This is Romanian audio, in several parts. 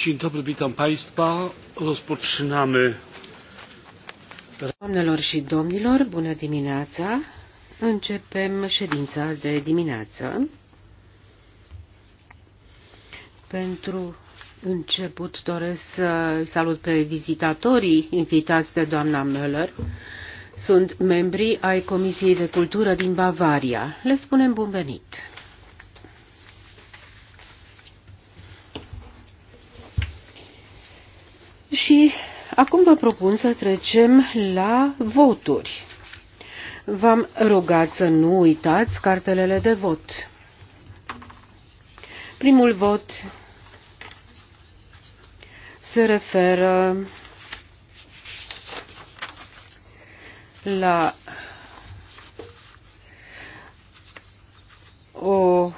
Dzień dobry, witam Państwa. Rozpoczynamy. Doamnelor și domnilor, bună dimineața. Începem ședința de dimineață. Pentru început doresc să salut pe vizitatorii invitați de doamna Möller. Sunt membri ai Comisiei de Cultură din Bavaria. Le spunem bun venit! Și acum vă propun să trecem la voturi. V-am rugat să nu uitați cartelele de vot. Primul vot se referă la o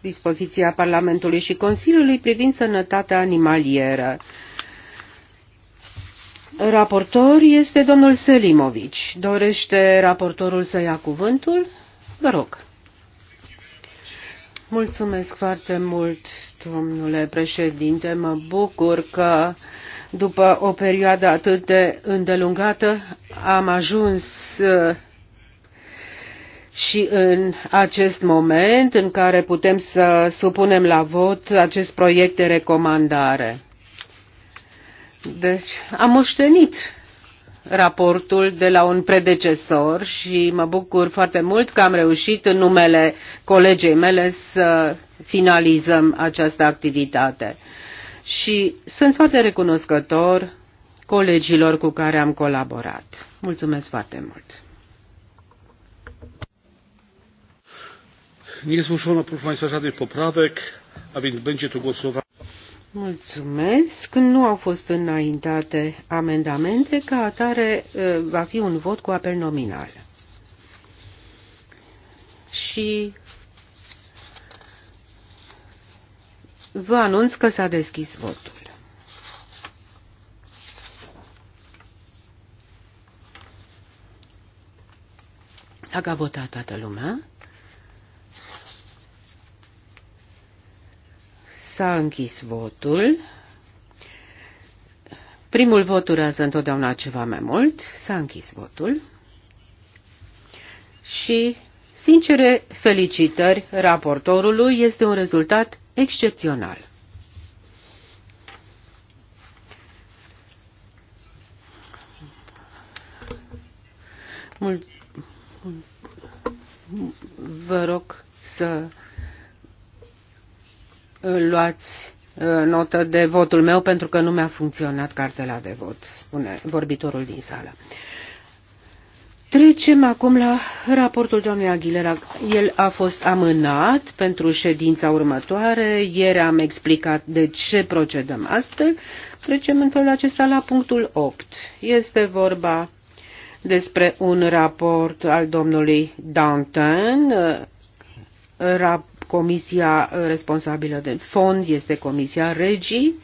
dispoziția Parlamentului și Consiliului privind sănătatea animalieră. Raportor este domnul Selimovici. Dorește raportorul să ia cuvântul? Vă rog. Mulțumesc foarte mult, domnule președinte. Mă bucur că după o perioadă atât de îndelungată am ajuns și în acest moment în care putem să supunem la vot acest proiect de recomandare. Deci am moștenit raportul de la un predecesor și mă bucur foarte mult că am reușit în numele colegei mele să finalizăm această activitate. Și sunt foarte recunoscător colegilor cu care am colaborat. Mulțumesc foarte mult! Nie zgłoszono, proszę Państwa, żadnych poprawek, a więc będzie to głosowanie. Mulțumesc. Nu au fost înaintate amendamente, ca atare va fi un vot cu apel nominal. Și vă anunț că s-a deschis votul. Dacă a votat toată lumea, S-a închis votul. Primul vot urează întotdeauna ceva mai mult. S-a închis votul. Și, sincere, felicitări raportorului. Este un rezultat excepțional. Mul- vă rog să luați uh, notă de votul meu pentru că nu mi-a funcționat cartela de vot, spune vorbitorul din sală. Trecem acum la raportul doamnei Aguilera. El a fost amânat pentru ședința următoare. Ieri am explicat de ce procedăm astfel. Trecem în felul acesta la punctul 8. Este vorba despre un raport al domnului Danton, Comisia responsabilă de fond este Comisia Regii.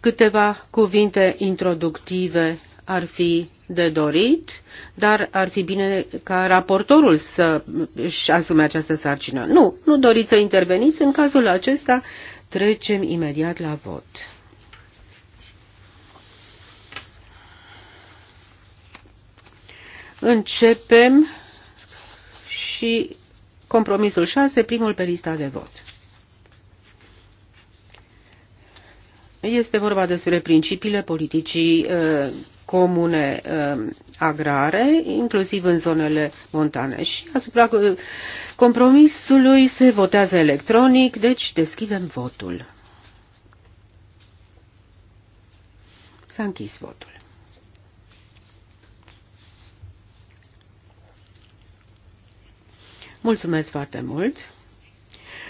Câteva cuvinte introductive ar fi de dorit, dar ar fi bine ca raportorul să își asume această sarcină. Nu, nu doriți să interveniți, în cazul acesta trecem imediat la vot. Începem și compromisul 6, primul pe lista de vot. Este vorba despre principiile politicii uh, comune uh, agrare, inclusiv în zonele montane. Și asupra uh, compromisului se votează electronic, deci deschidem votul. S-a închis votul. Mulțumesc foarte mult.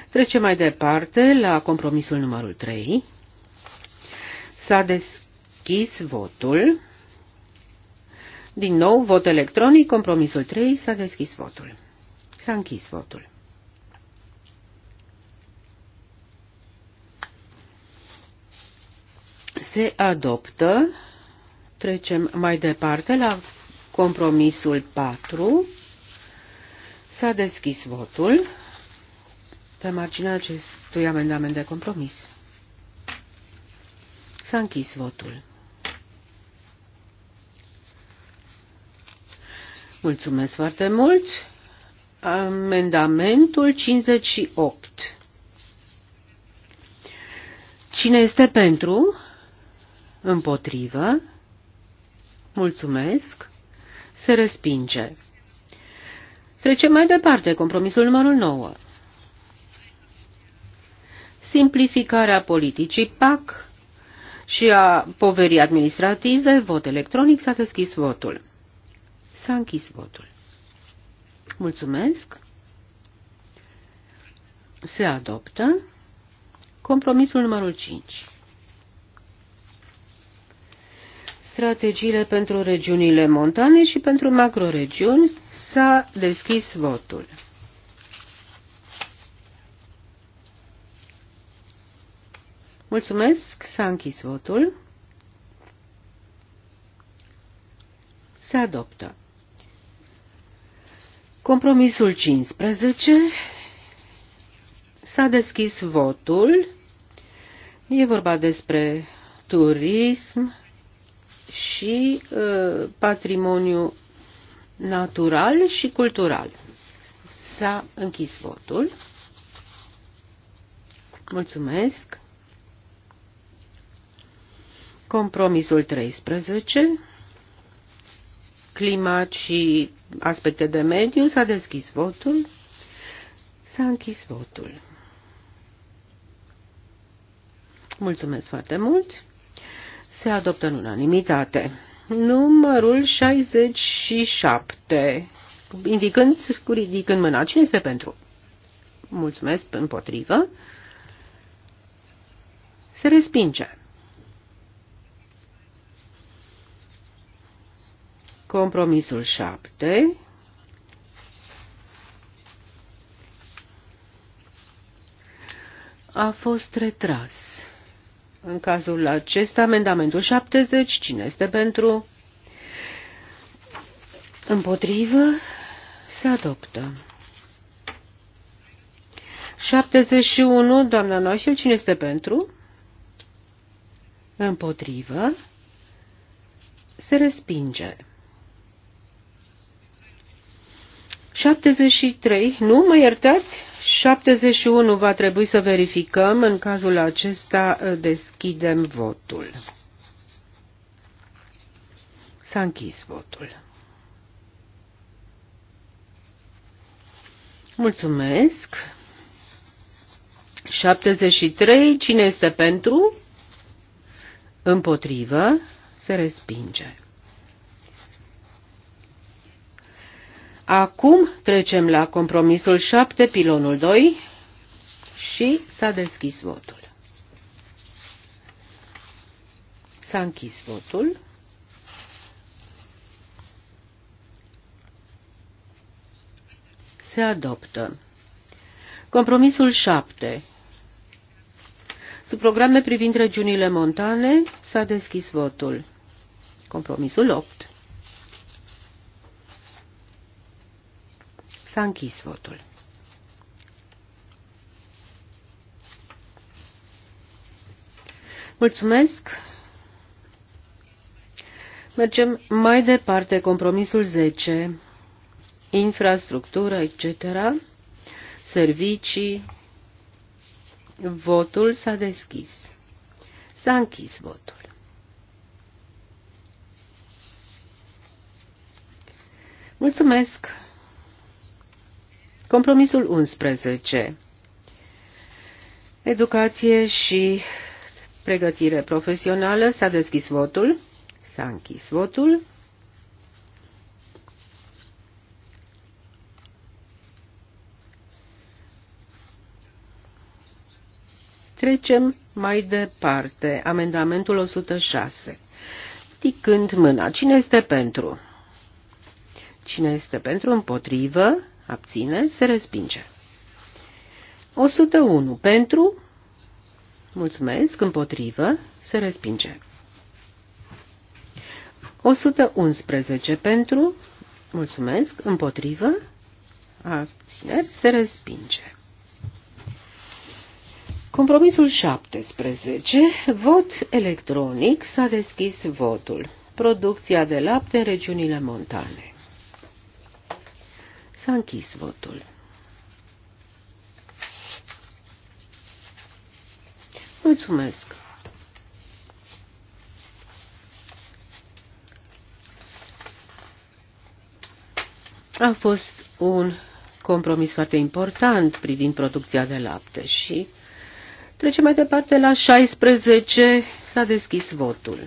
Trecem mai departe la compromisul numărul 3. S-a deschis votul. Din nou, vot electronic, compromisul 3, s-a deschis votul. S-a închis votul. Se adoptă. Trecem mai departe la compromisul 4. S-a deschis votul pe marginea acestui amendament de compromis. S-a închis votul. Mulțumesc foarte mult. Amendamentul 58. Cine este pentru? Împotrivă. Mulțumesc. Se respinge. Trecem mai departe, compromisul numărul 9. Simplificarea politicii PAC și a poverii administrative, vot electronic, s-a deschis votul. S-a închis votul. Mulțumesc. Se adoptă compromisul numărul 5. strategiile pentru regiunile montane și pentru macroregiuni, s-a deschis votul. Mulțumesc, s-a închis votul. Se adoptă. Compromisul 15. S-a deschis votul. E vorba despre turism, și uh, patrimoniu natural și cultural. S-a închis votul. Mulțumesc. Compromisul 13. Climat și aspecte de mediu. S-a deschis votul. S-a închis votul. Mulțumesc foarte mult. Se adoptă în unanimitate. Numărul 67. Indicând cu ridicând mâna. Cine este pentru? Mulțumesc împotrivă. Se respinge. Compromisul 7. A fost retras. În cazul acesta, amendamentul 70, cine este pentru? Împotrivă? Se adoptă. 71, doamna Noșel, cine este pentru? Împotrivă? Se respinge. 73, nu mă iertați? 71 va trebui să verificăm. În cazul acesta uh, deschidem votul. S-a închis votul. Mulțumesc. 73. Cine este pentru? Împotrivă. Se respinge. Acum trecem la compromisul 7, pilonul 2 și s-a deschis votul. S-a închis votul. Se adoptă. Compromisul 7. Sub programe privind regiunile montane s-a deschis votul. Compromisul 8. S-a închis votul. Mulțumesc. Mergem mai departe, compromisul 10, infrastructură, etc., servicii, votul s-a deschis. S-a închis votul. Mulțumesc! Compromisul 11. Educație și pregătire profesională. S-a deschis votul. S-a închis votul. Trecem mai departe. Amendamentul 106. Ticând mâna. Cine este pentru? Cine este pentru? Împotrivă? abține, se respinge. 101 pentru, mulțumesc, împotrivă, se respinge. 111 pentru, mulțumesc, împotrivă, abțineri, se respinge. Compromisul 17. Vot electronic s-a deschis votul. Producția de lapte în regiunile montane. S-a închis votul. Mulțumesc! A fost un compromis foarte important privind producția de lapte și trecem mai departe la 16. S-a deschis votul.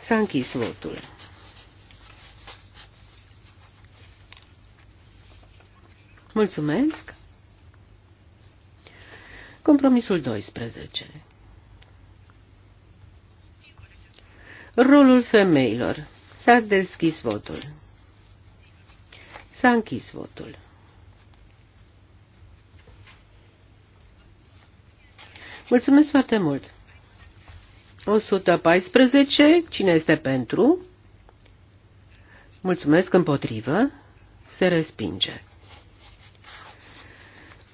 S-a închis votul. Mulțumesc. Compromisul 12. Rolul femeilor. S-a deschis votul. S-a închis votul. Mulțumesc foarte mult. 114. Cine este pentru? Mulțumesc împotrivă. Se respinge.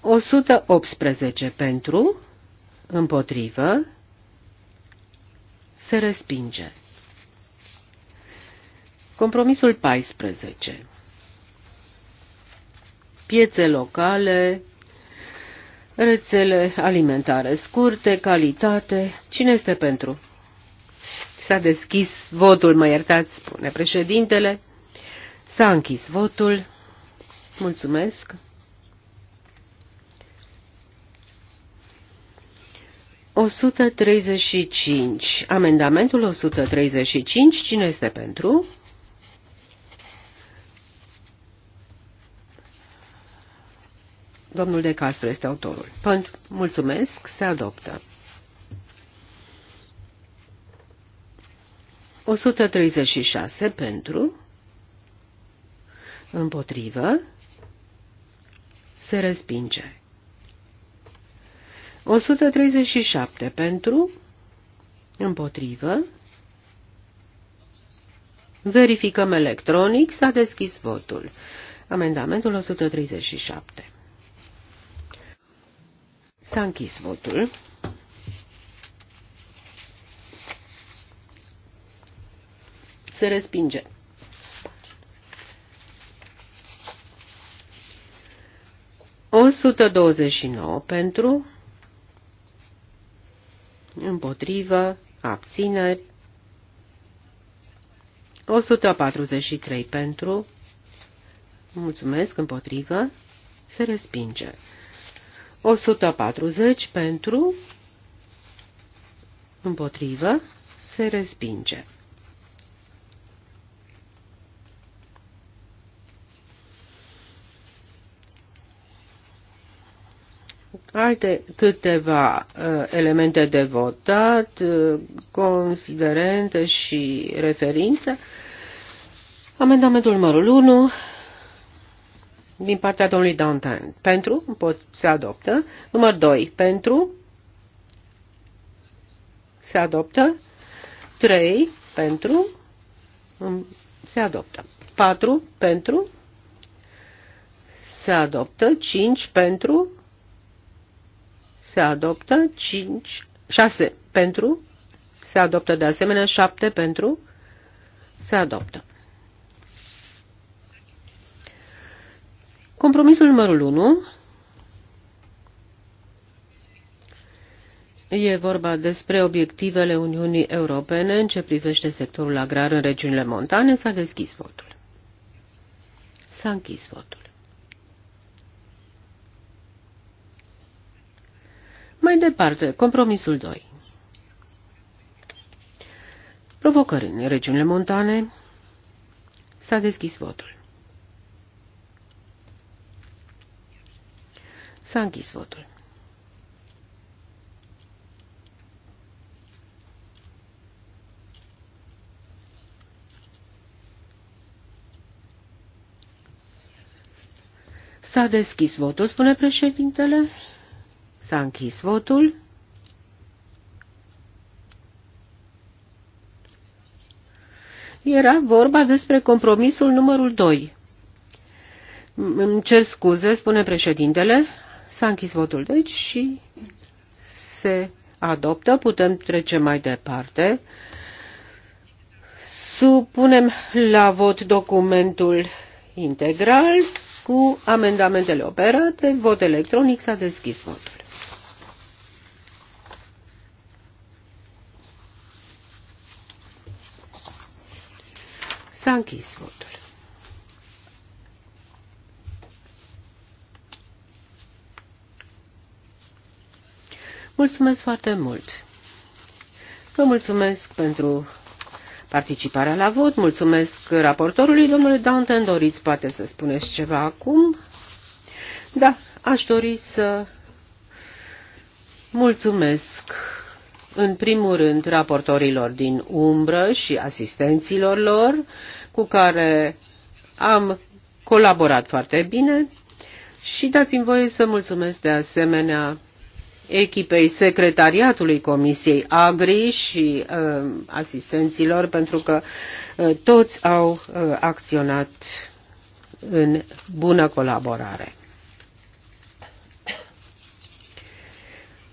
118 pentru, împotrivă, se respinge. Compromisul 14. Piețe locale, rețele alimentare scurte, calitate. Cine este pentru? S-a deschis votul, mă iertați, spune președintele. S-a închis votul. Mulțumesc. 135. Amendamentul 135. Cine este pentru? Domnul De Castro este autorul. Mulțumesc, se adoptă. 136 pentru, împotrivă, se respinge. 137 pentru, împotrivă. Verificăm electronic, s-a deschis votul. Amendamentul 137. S-a închis votul. Se respinge. O 129 pentru împotrivă, abțineri. 143 pentru, mulțumesc, împotrivă, se respinge. 140 pentru, împotrivă, se respinge. alte câteva uh, elemente de votat, uh, considerente și referință. Amendamentul numărul 1 din partea domnului Dantan. Pentru, pot, se adoptă. Număr 2, pentru, se adoptă. 3, mm, pentru, se adoptă. 4, pentru, se adoptă. 5, pentru, se adoptă, 5, 6 pentru, se adoptă de asemenea, 7 pentru, se adoptă. Compromisul numărul 1 E vorba despre obiectivele Uniunii Europene în ce privește sectorul agrar în regiunile montane. S-a deschis votul. S-a închis votul. Mai departe, compromisul 2. Provocări în regiunile montane. S-a deschis votul. S-a închis votul. S-a deschis votul, spune președintele. S-a închis votul. Era vorba despre compromisul numărul 2. Îmi cer scuze, spune președintele. S-a închis votul, deci, și se adoptă. Putem trece mai departe. Supunem la vot documentul integral cu amendamentele operate. Vot electronic s-a deschis votul. S-a închis votul. Mulțumesc foarte mult! Vă mulțumesc pentru participarea la vot, mulțumesc raportorului. Domnule Downton. doriți poate să spuneți ceva acum? Da, aș dori să mulțumesc în primul rând raportorilor din umbră și asistenților lor, cu care am colaborat foarte bine și dați-mi voie să mulțumesc de asemenea echipei secretariatului Comisiei Agri și uh, asistenților pentru că uh, toți au uh, acționat în bună colaborare.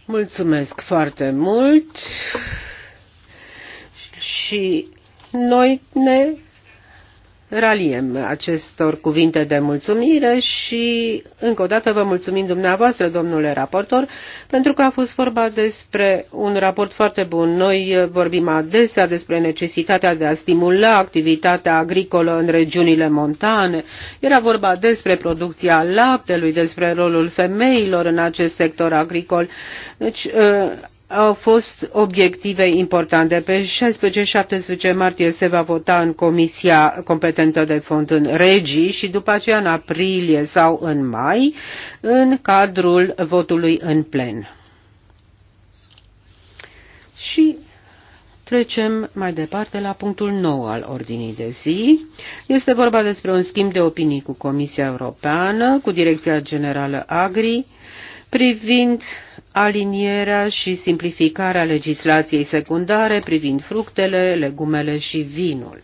Mulțumesc foarte mult și noi ne raliem acestor cuvinte de mulțumire și încă o dată vă mulțumim dumneavoastră, domnule raportor, pentru că a fost vorba despre un raport foarte bun. Noi vorbim adesea despre necesitatea de a stimula activitatea agricolă în regiunile montane. Era vorba despre producția laptelui, despre rolul femeilor în acest sector agricol. Deci, au fost obiective importante. Pe 16-17 martie se va vota în comisia competentă de fond în regii și după aceea în aprilie sau în mai în cadrul votului în plen. Și Trecem mai departe la punctul nou al ordinii de zi. Este vorba despre un schimb de opinii cu Comisia Europeană, cu Direcția Generală Agri, privind alinierea și simplificarea legislației secundare privind fructele, legumele și vinul.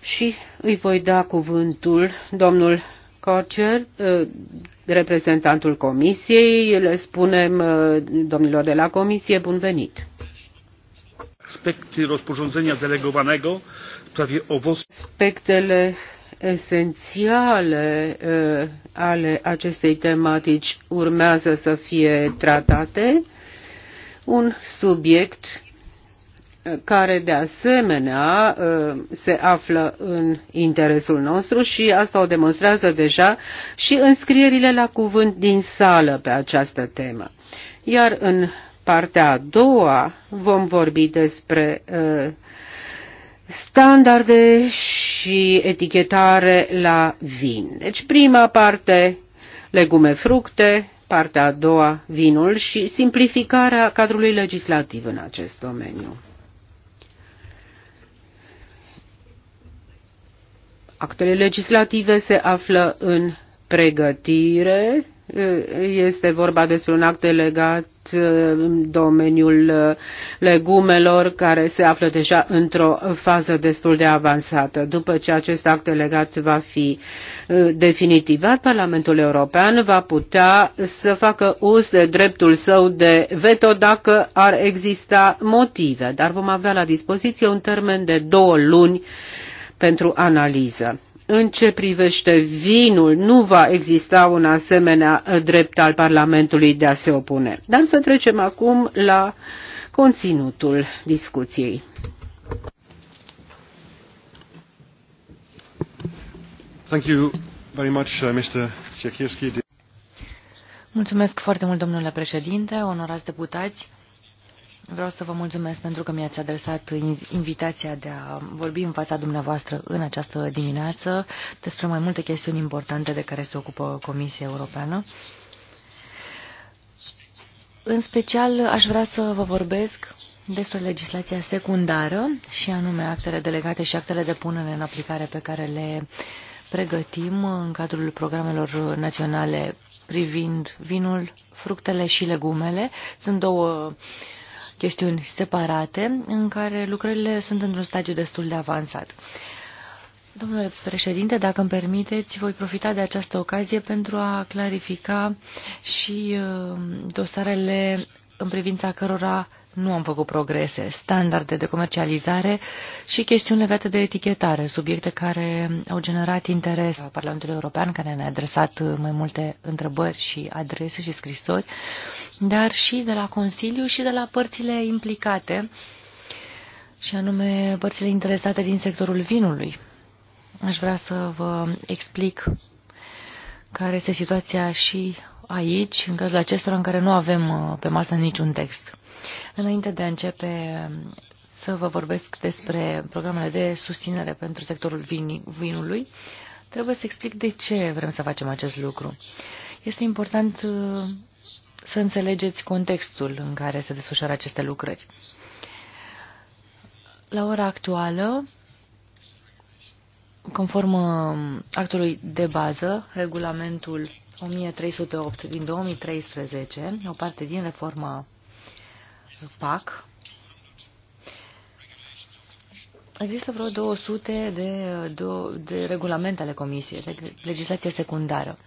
Și îi voi da cuvântul domnul Cocer, eh, reprezentantul comisiei, le spunem eh, domnilor de la comisie, bun venit. Aspecte rozporządzenia delegowanego w Aspectele esențiale uh, ale acestei tematici urmează să fie tratate, un subiect uh, care de asemenea uh, se află în interesul nostru și asta o demonstrează deja și înscrierile la cuvânt din sală pe această temă. Iar în partea a doua vom vorbi despre uh, standarde și etichetare la vin. Deci prima parte, legume, fructe, partea a doua, vinul și simplificarea cadrului legislativ în acest domeniu. Actele legislative se află în pregătire este vorba despre un act delegat uh, în domeniul uh, legumelor care se află deja într-o fază destul de avansată. După ce acest act delegat va fi uh, definitivat, Parlamentul European va putea să facă uz de dreptul său de veto dacă ar exista motive, dar vom avea la dispoziție un termen de două luni pentru analiză în ce privește vinul, nu va exista un asemenea drept al Parlamentului de a se opune. Dar să trecem acum la conținutul discuției. Thank you very much, uh, Mr. Mulțumesc foarte mult, domnule președinte, onorați deputați. Vreau să vă mulțumesc pentru că mi-ați adresat invitația de a vorbi în fața dumneavoastră în această dimineață despre mai multe chestiuni importante de care se ocupă Comisia Europeană. În special, aș vrea să vă vorbesc despre legislația secundară, și anume actele delegate și actele de punere în aplicare pe care le pregătim în cadrul programelor naționale privind vinul, fructele și legumele. Sunt două uh, chestiuni separate în care lucrările sunt într-un stadiu destul de avansat. Domnule președinte, dacă îmi permiteți, voi profita de această ocazie pentru a clarifica și uh, dosarele în privința cărora nu am făcut progrese, standarde de comercializare și chestiuni legate de etichetare, subiecte care au generat interes al Parlamentului European, care ne-a adresat mai multe întrebări și adrese și scrisori, dar și de la Consiliu și de la părțile implicate, și anume părțile interesate din sectorul vinului. Aș vrea să vă explic care este situația și aici, în cazul acestora în care nu avem uh, pe masă niciun text. Înainte de a începe să vă vorbesc despre programele de susținere pentru sectorul vin vinului, trebuie să explic de ce vrem să facem acest lucru. Este important uh, să înțelegeți contextul în care se desfășoară aceste lucrări. La ora actuală, conform uh, actului de bază, regulamentul 1308 din 2013, o parte din reforma PAC, Există vreo 200 de, de, de regulamente ale Comisiei, de legislație secundară.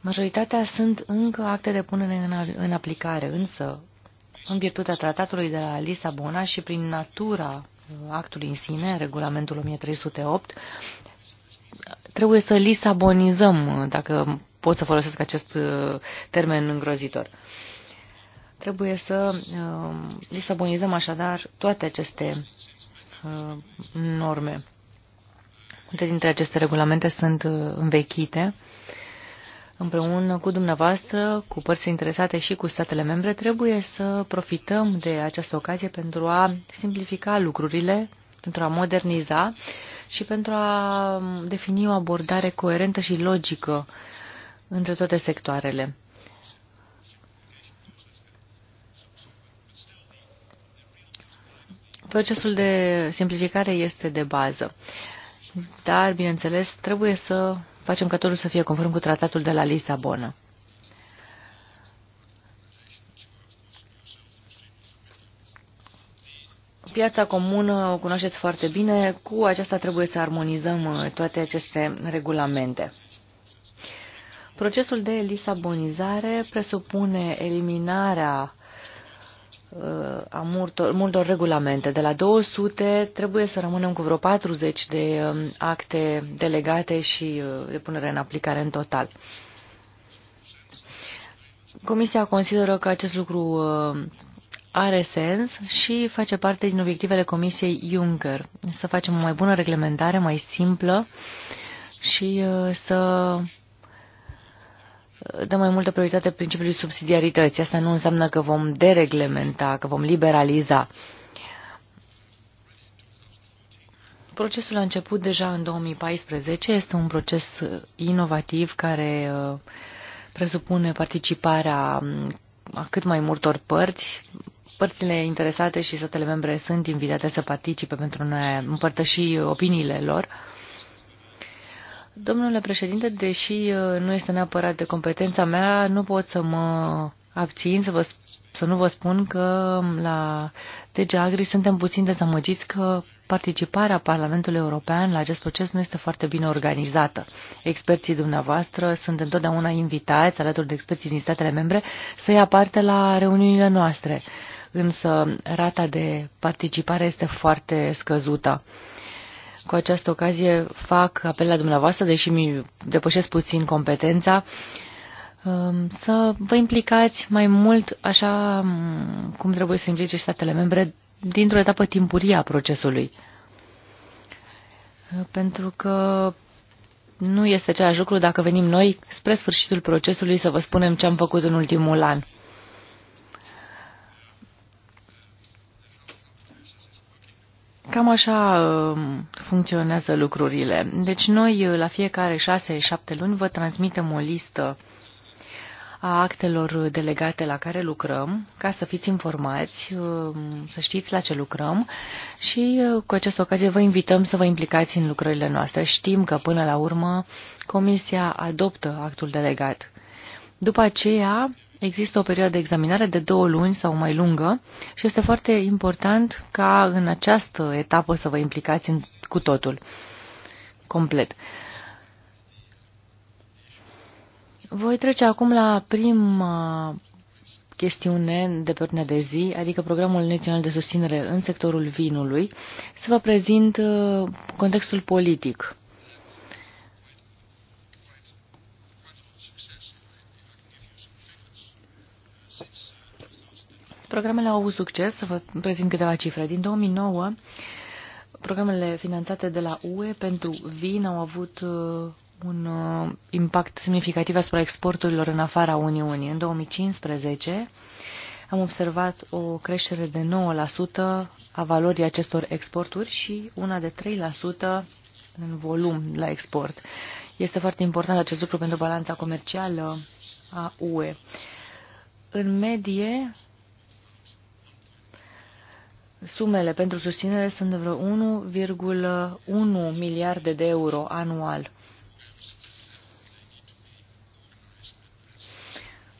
Majoritatea sunt încă acte de punere în, în aplicare, însă, în virtutea tratatului de la Lisabona și prin natura uh, actului în sine, regulamentul 1308, trebuie să lisabonizăm, uh, dacă pot să folosesc acest uh, termen îngrozitor. Uh, Trebuie să uh, um, lisabonizăm așadar toate aceste uh, norme. Multe dintre aceste regulamente sunt uh, învechite. Împreună cu dumneavoastră, cu părți interesate și cu statele membre, trebuie să profităm de această ocazie pentru a simplifica lucrurile, pentru a moderniza și pentru a um, defini o abordare coerentă și logică între toate sectoarele. Procesul de simplificare este de bază, dar, bineînțeles, trebuie să facem ca totul să fie conform cu tratatul de la Lisabona. Piața comună o cunoașteți foarte bine, cu aceasta trebuie să armonizăm uh, toate aceste regulamente. Procesul de lisabonizare presupune eliminarea a multor, multor regulamente. De la 200 trebuie să rămânem cu vreo 40 de um, acte delegate și uh, de punere în aplicare în total. Comisia consideră că acest lucru uh, are sens și face parte din obiectivele Comisiei Juncker. Să facem o mai bună reglementare, mai simplă și uh, să dă mai multă prioritate principiului subsidiarității. Asta nu înseamnă că vom dereglementa, că vom liberaliza. Procesul a început deja în 2014. Este un proces inovativ care uh, presupune participarea um, a cât mai multor părți. Părțile interesate și statele membre sunt invitate să participe pentru a ne împărtăși opiniile lor. Domnule președinte, deși uh, nu este neapărat de competența mea, nu pot să mă abțin să, vă, să nu vă spun că la DG Agri suntem puțin dezamăgiți că participarea Parlamentului European la acest proces nu este foarte bine organizată. Experții dumneavoastră sunt întotdeauna invitați, alături de experții din statele membre, să ia parte la reuniunile noastre, însă rata de participare este foarte scăzută. Cu această ocazie fac apel la dumneavoastră, deși mi depășesc puțin competența, um, să vă implicați mai mult așa um, cum trebuie să implice statele membre dintr-o etapă timpurie a procesului. Uh, pentru că nu este același lucru dacă venim noi spre sfârșitul procesului să vă spunem ce am făcut în ultimul an. Cam așa uh, funcționează lucrurile. Deci noi uh, la fiecare șase-șapte luni vă transmitem o listă a actelor delegate la care lucrăm, ca să fiți informați, uh, să știți la ce lucrăm și cu această ocazie vă invităm să vă implicați în lucrările noastre. Știm că până la urmă Comisia adoptă actul delegat. După aceea Există o perioadă de examinare de două luni sau mai lungă și este foarte important ca în această etapă să vă implicați în, cu totul, complet. Voi trece acum la prima chestiune de pe ordinea de zi, adică Programul Național de Susținere în sectorul vinului, să vă prezint uh, contextul politic Programele au avut succes, să vă prezint câteva cifre. Din 2009, programele finanțate de la UE pentru vin au avut uh, un uh, impact semnificativ asupra exporturilor în afara Uniunii. În 2015 am observat o creștere de 9% a valorii acestor exporturi și una de 3% în volum la export. Este foarte important acest lucru pentru balanța comercială a UE. În medie, Sumele pentru susținere sunt de vreo 1,1 miliarde de euro anual.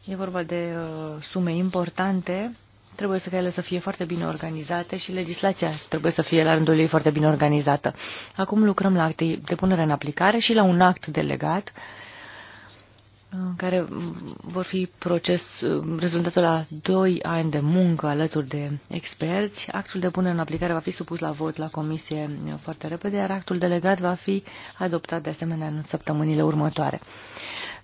E vorba de uh, sume importante. Trebuie să ele să fie foarte bine organizate și legislația trebuie să fie la rândul ei foarte bine organizată. Acum lucrăm la acte de punere în aplicare și la un act delegat uh, care vor fi proces, rezultatul la doi ani de muncă alături de experți. Actul de punere în aplicare va fi supus la vot la comisie foarte repede, iar actul delegat va fi adoptat de asemenea în săptămânile următoare.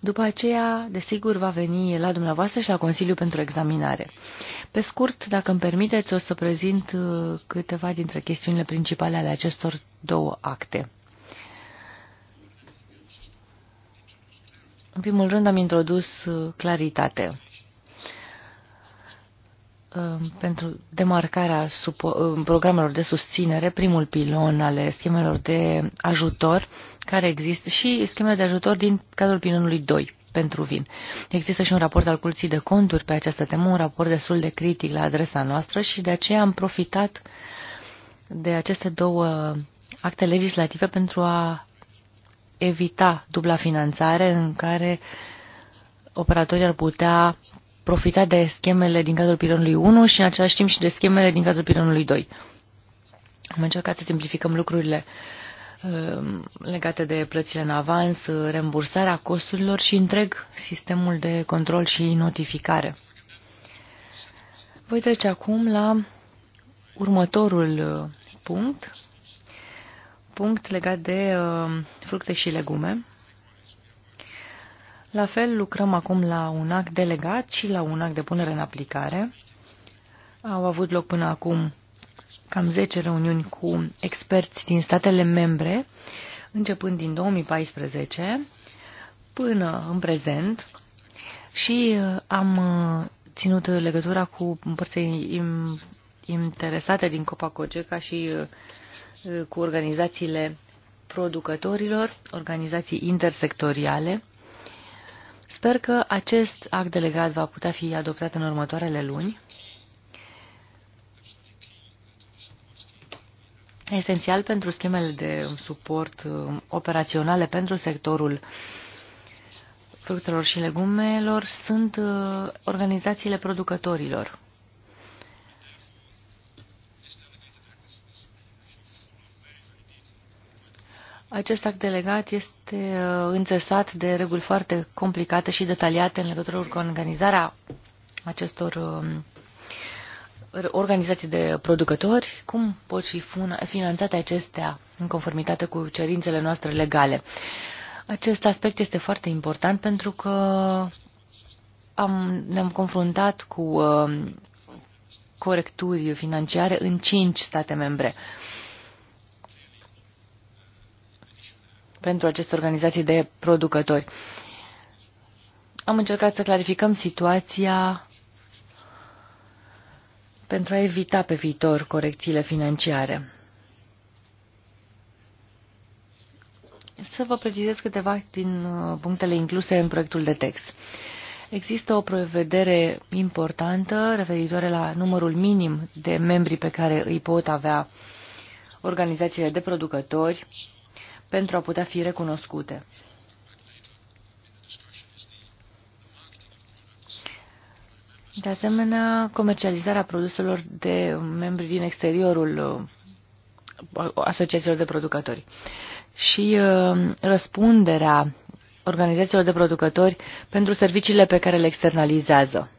După aceea, desigur, va veni la dumneavoastră și la Consiliu pentru examinare. Pe scurt, dacă îmi permiteți, o să prezint uh, câteva dintre chestiunile principale ale acestor două acte. În primul rând am introdus uh, claritate um, pentru demarcarea um, programelor de susținere, primul pilon ale schemelor de ajutor care există și schemele de ajutor din cadrul pilonului 2 pentru vin. Există și un raport al Curții de Conturi pe această temă, un raport destul de critic la adresa noastră și de aceea am profitat de aceste două acte legislative pentru a evita dubla finanțare în care operatorii ar putea profita de schemele din cadrul pilonului 1 și în același timp și de schemele din cadrul pilonului 2. Am încercat să simplificăm lucrurile um, legate de plățile în avans, rembursarea costurilor și întreg sistemul de control și notificare. Voi trece acum la următorul uh, punct, punct legat de uh, fructe și legume. La fel, lucrăm acum la un act delegat și la un act de punere în aplicare. Au avut loc până acum cam 10 reuniuni cu experți din statele membre, începând din 2014 până în prezent și uh, am uh, ținut legătura cu părții interesate din Copacogeca și și uh, cu organizațiile producătorilor, organizații intersectoriale. Sper că acest act delegat va putea fi adoptat în următoarele luni. Esențial pentru schemele de suport um, operaționale pentru sectorul fructelor și legumelor sunt uh, organizațiile producătorilor. Acest act delegat este uh, înțesat de reguli foarte complicate și detaliate în legătură cu organizarea acestor um, organizații de producători, cum pot fi finanțate acestea în conformitate cu cerințele noastre legale. Acest aspect este foarte important pentru că am, ne-am confruntat cu uh, corecturi financiare în cinci state membre. Uh, pentru aceste organizații de producători. Am încercat să clarificăm situația pentru a evita pe viitor corecțiile financiare. Să vă precizez câteva din uh, punctele incluse în proiectul de text. Există o prevedere importantă referitoare la numărul minim de membri pe care îi pot avea organizațiile de producători pentru a putea fi recunoscute. De asemenea, comercializarea produselor de membri din exteriorul uh, asociațiilor de producători și uh, răspunderea organizațiilor de producători pentru serviciile pe care le externalizează.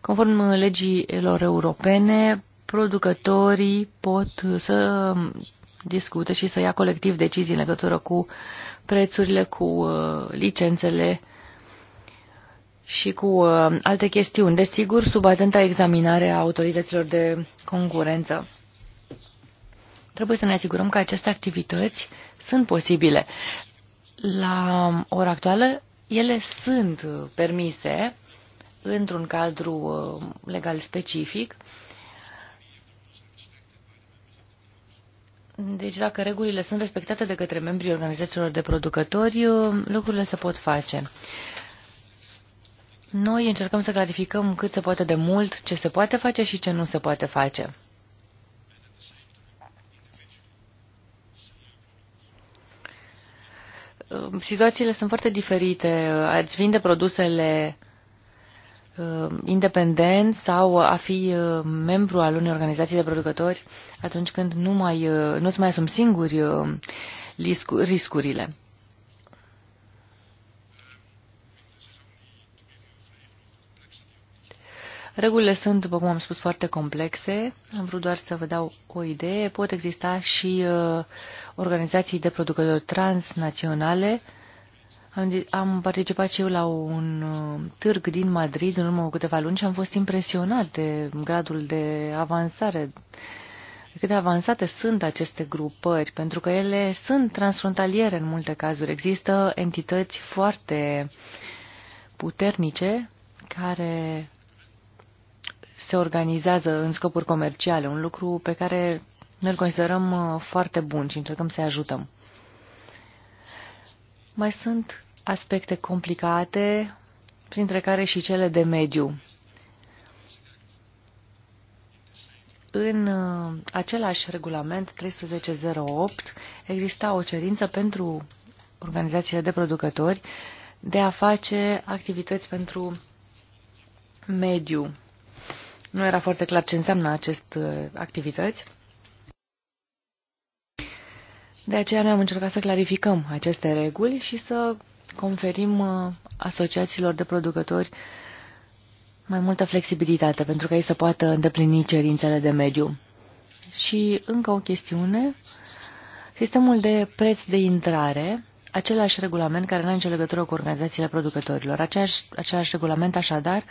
Conform legilor europene, producătorii pot să discute și să ia colectiv decizii în legătură cu prețurile, cu uh, licențele și cu uh, alte chestiuni. Desigur, sub atenta examinare a autorităților de concurență. Trebuie să ne asigurăm că aceste activități sunt posibile. La ora actuală, ele sunt permise într-un cadru uh, legal specific, Deci dacă regulile sunt respectate de către membrii organizațiilor de producători, lucrurile se pot face. Noi încercăm să clarificăm cât se poate de mult ce se poate face și ce nu se poate face. Situațiile sunt foarte diferite. Ați vinde produsele Uh, independent sau a fi uh, membru al unei organizații de producători atunci când nu mai, uh, nu-ți mai asumi singuri riscurile. Regulile sunt, după cum am spus, foarte complexe. Am vrut doar să vă dau o idee. Pot exista și uh, organizații de producători transnaționale uh, am participat și eu la un uh, târg din Madrid în urmă cu câteva luni și am fost impresionat de gradul de avansare, de cât de avansate sunt aceste grupări, pentru că ele sunt transfrontaliere în multe cazuri. Există entități foarte puternice care se organizează în scopuri comerciale, un lucru pe care noi îl considerăm uh, foarte bun și încercăm să-i ajutăm. Mai sunt aspecte complicate, printre care și cele de mediu. În uh, același regulament 1308 exista o cerință pentru organizațiile de producători de a face activități pentru mediu. Nu era foarte clar ce înseamnă acest uh, activități. De aceea noi am încercat să clarificăm aceste reguli și să conferim uh, asociațiilor de producători mai multă flexibilitate pentru ca ei să poată îndeplini cerințele de mediu. Și încă o chestiune, sistemul de preț de intrare, același regulament care nu are nicio legătură cu organizațiile producătorilor. Aceeași, același regulament, așadar,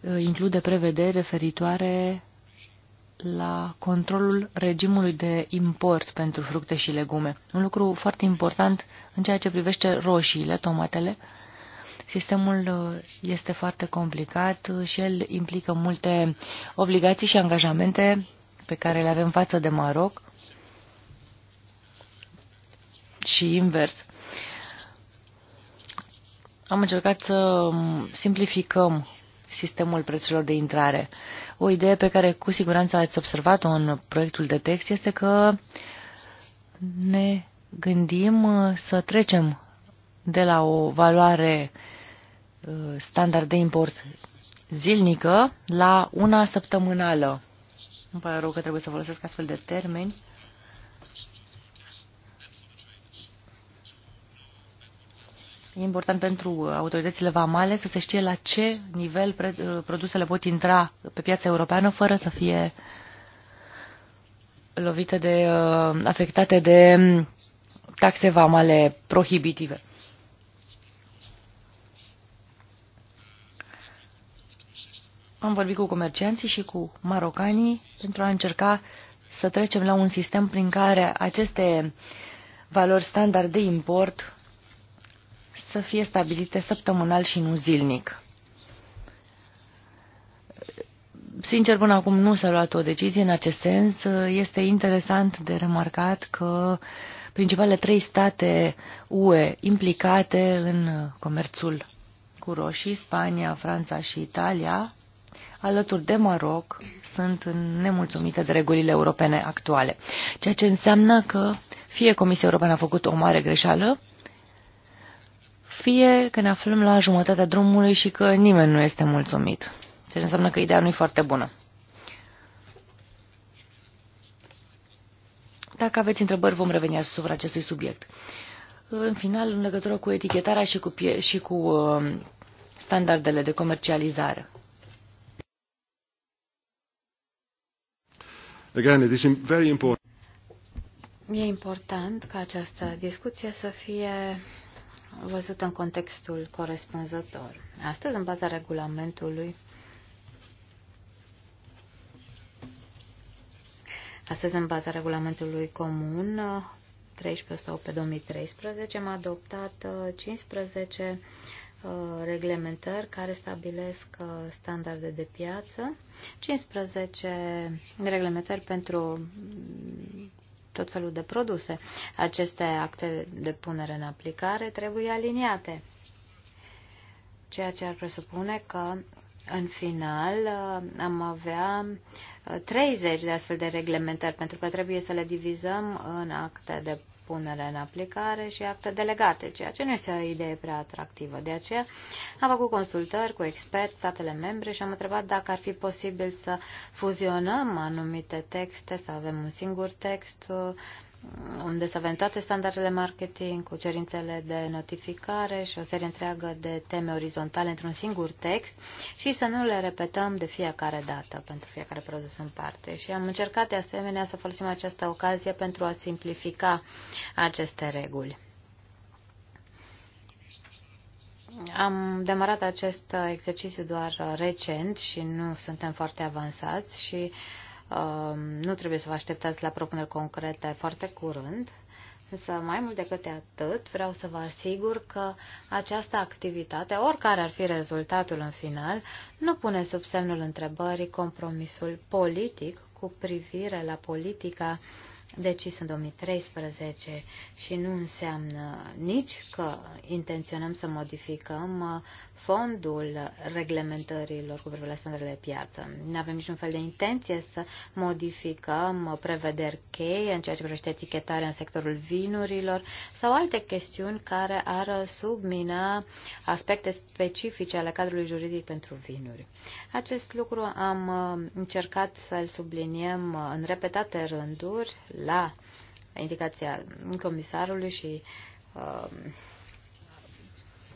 uh, include prevederi referitoare la controlul regimului de import pentru fructe și legume. Un lucru foarte important în ceea ce privește roșiile, tomatele. Sistemul uh, este foarte complicat și el implică multe obligații și angajamente pe care le avem față de Maroc și invers. Am încercat să um, simplificăm sistemul prețurilor de intrare. O idee pe care cu siguranță ați observat-o în proiectul de text este că ne gândim uh, să trecem de la o valoare uh, standard de import zilnică la una săptămânală. Îmi pare rău că trebuie să folosesc astfel de termeni. E important pentru autoritățile vamale să se știe la ce nivel uh, produsele pot intra pe piața europeană fără să fie lovite de, uh, afectate de um, taxe vamale prohibitive. Am vorbit cu comercianții și cu marocanii pentru a încerca să trecem la un sistem prin care aceste valori standard de import să fie stabilite săptămânal și nu zilnic. Sincer, până acum nu s-a luat o decizie în acest sens. Este interesant de remarcat că principalele trei state UE implicate în comerțul cu roșii, Spania, Franța și Italia, alături de Maroc, sunt nemulțumite de regulile europene actuale, ceea ce înseamnă că fie Comisia Europeană a făcut o mare greșeală, fie că ne aflăm la jumătatea drumului și că nimeni nu este mulțumit. Ce înseamnă că ideea nu e foarte bună. Dacă aveți întrebări, vom reveni asupra acestui subiect. În final, în legătură cu etichetarea și cu, pie- și cu uh, standardele de comercializare. Again, it is very important. E important ca această discuție să fie văzut în contextul corespunzător. Astăzi, în baza regulamentului, astăzi, în baza regulamentului comun 1308 pe 2013, am adoptat 15 uh, uh, reglementări care stabilesc uh, standarde de piață, 15 reglementări pentru tot felul de produse. Aceste acte de punere în aplicare trebuie aliniate, ceea ce ar presupune că în final uh, am avea 30 uh, de astfel de reglementări, pentru că trebuie să le divizăm în acte de punere în aplicare și acte delegate, ceea ce nu este o idee prea atractivă. De aceea am făcut consultări cu experți, statele membre și am întrebat dacă ar fi posibil să fuzionăm anumite texte, să avem un singur text unde să avem toate standardele marketing cu cerințele de notificare și o serie întreagă de teme orizontale într-un singur text și să nu le repetăm de fiecare dată pentru fiecare produs în parte. Și am încercat de asemenea să folosim această ocazie pentru a simplifica aceste reguli. Am demarat acest exercițiu doar recent și nu suntem foarte avansați și uh, Um, nu trebuie să vă așteptați la propuneri concrete foarte curând, însă mai mult decât atât vreau să vă asigur că această activitate, oricare ar fi rezultatul în final, nu pune sub semnul întrebării compromisul politic cu privire la politica uh, decis în 2013 și nu înseamnă nici că intenționăm să modificăm uh, fondul reglementărilor cu privire la standardele de piață. Nu avem niciun fel de intenție să modificăm uh, prevederi cheie în ceea ce privește etichetarea în sectorul vinurilor sau alte chestiuni care ar submina aspecte specifice ale cadrului juridic pentru vinuri. Acest lucru am uh, încercat să-l subliniem în repetate rânduri la indicația comisarului și uh,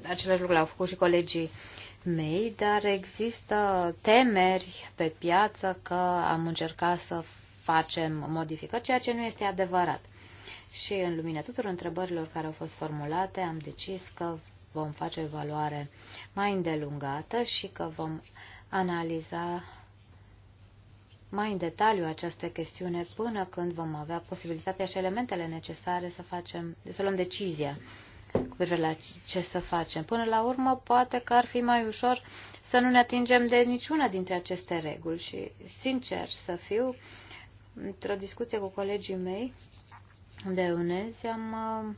același lucru l-au făcut și colegii mei, dar există temeri pe piață că am încercat să facem modificări, ceea ce nu este adevărat. Și în lumina tuturor întrebărilor care au fost formulate, am decis că vom face o evaluare mai îndelungată și că vom analiza mai în detaliu această chestiune până când vom avea posibilitatea și elementele necesare să facem, să luăm decizia cu privire la ce să facem. Până la urmă, poate că ar fi mai ușor să nu ne atingem de niciuna dintre aceste reguli și, sincer să fiu, într-o discuție cu colegii mei de unezi, am uh,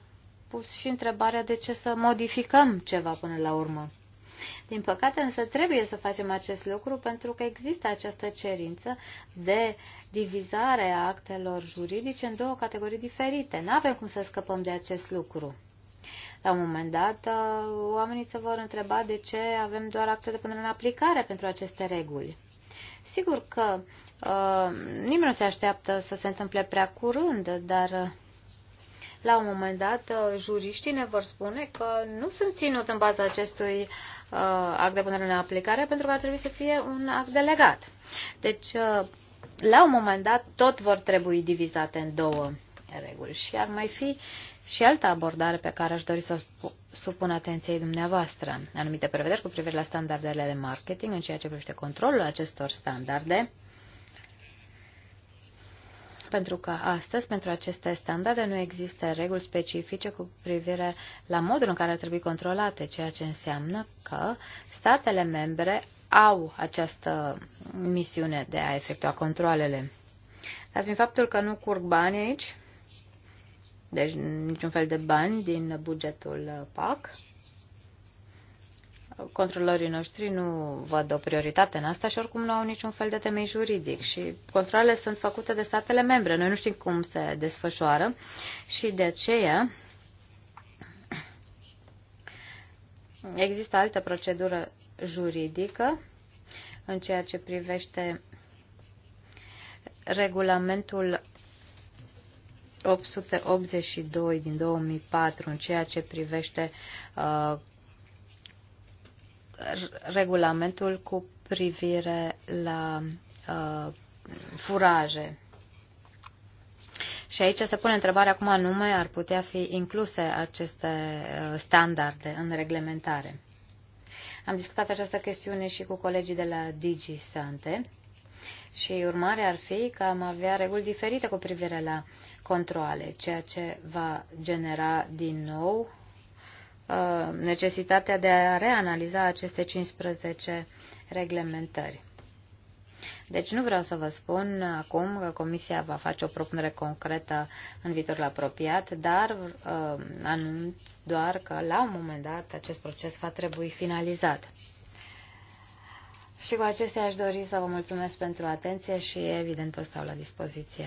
pus și întrebarea de ce să modificăm ceva până la urmă. Din păcate însă trebuie să facem acest lucru pentru că există această cerință de divizare a actelor juridice în două categorii diferite. Nu avem cum să scăpăm de acest lucru. La un moment dat, uh, oamenii se vor întreba de ce avem doar acte de punere în aplicare pentru aceste reguli. Sigur că uh, nimeni nu se așteaptă să se întâmple prea curând, dar uh, la un moment dat uh, juriștii ne vor spune că nu sunt ținut în baza acestui uh, act de punere în aplicare pentru că ar trebui să fie un act delegat. Deci, uh, la un moment dat, tot vor trebui divizate în două reguli și ar mai fi și altă abordare pe care aș dori să o supun atenției dumneavoastră. Anumite prevederi cu privire la standardele de marketing în ceea ce privește controlul acestor standarde pentru că astăzi, pentru aceste standarde, nu există reguli specifice cu privire la modul în care ar trebui controlate, ceea ce înseamnă că statele membre au această misiune de a efectua controlele. Dar fiind faptul că nu curg bani aici, deci niciun fel de bani din bugetul PAC, controlorii noștri nu văd o prioritate în asta și oricum nu au niciun fel de temei juridic și controlele sunt făcute de statele membre. Noi nu știm cum se desfășoară și de aceea există altă procedură juridică în ceea ce privește regulamentul 882 din 2004 în ceea ce privește uh, regulamentul cu privire la uh, furaje. Și aici se pune întrebarea cum anume ar putea fi incluse aceste uh, standarde în reglementare. Am discutat această chestiune și cu colegii de la Digi Sante și urmare ar fi că am avea reguli diferite cu privire la controle, ceea ce va genera din nou Uh, necesitatea de a reanaliza aceste 15 reglementări. Deci nu vreau să vă spun acum că Comisia va face o propunere concretă în viitorul apropiat, dar uh, anunț doar că la un moment dat acest proces va trebui finalizat. Și cu acestea aș dori să vă mulțumesc pentru atenție și evident vă stau la dispoziție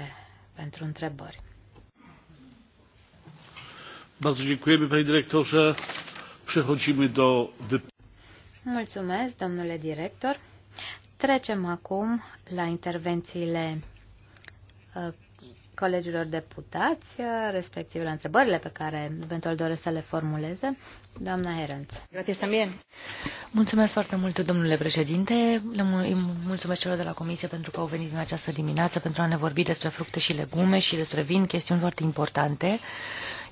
pentru întrebări. Bardzo dziękujemy, panie dyrektorze. Przechodzimy do Mulțumesc, domnule director. Trecem acum la intervențiile ă, colegilor deputați, ă, respectiv la întrebările pe care eventual doresc să le formuleze. Doamna Herenț. Mulțumesc foarte mult, domnule președinte. Le mulțumesc celor de la Comisie pentru că au venit în această dimineață pentru a ne vorbi despre fructe și legume și despre vin, chestiuni foarte importante.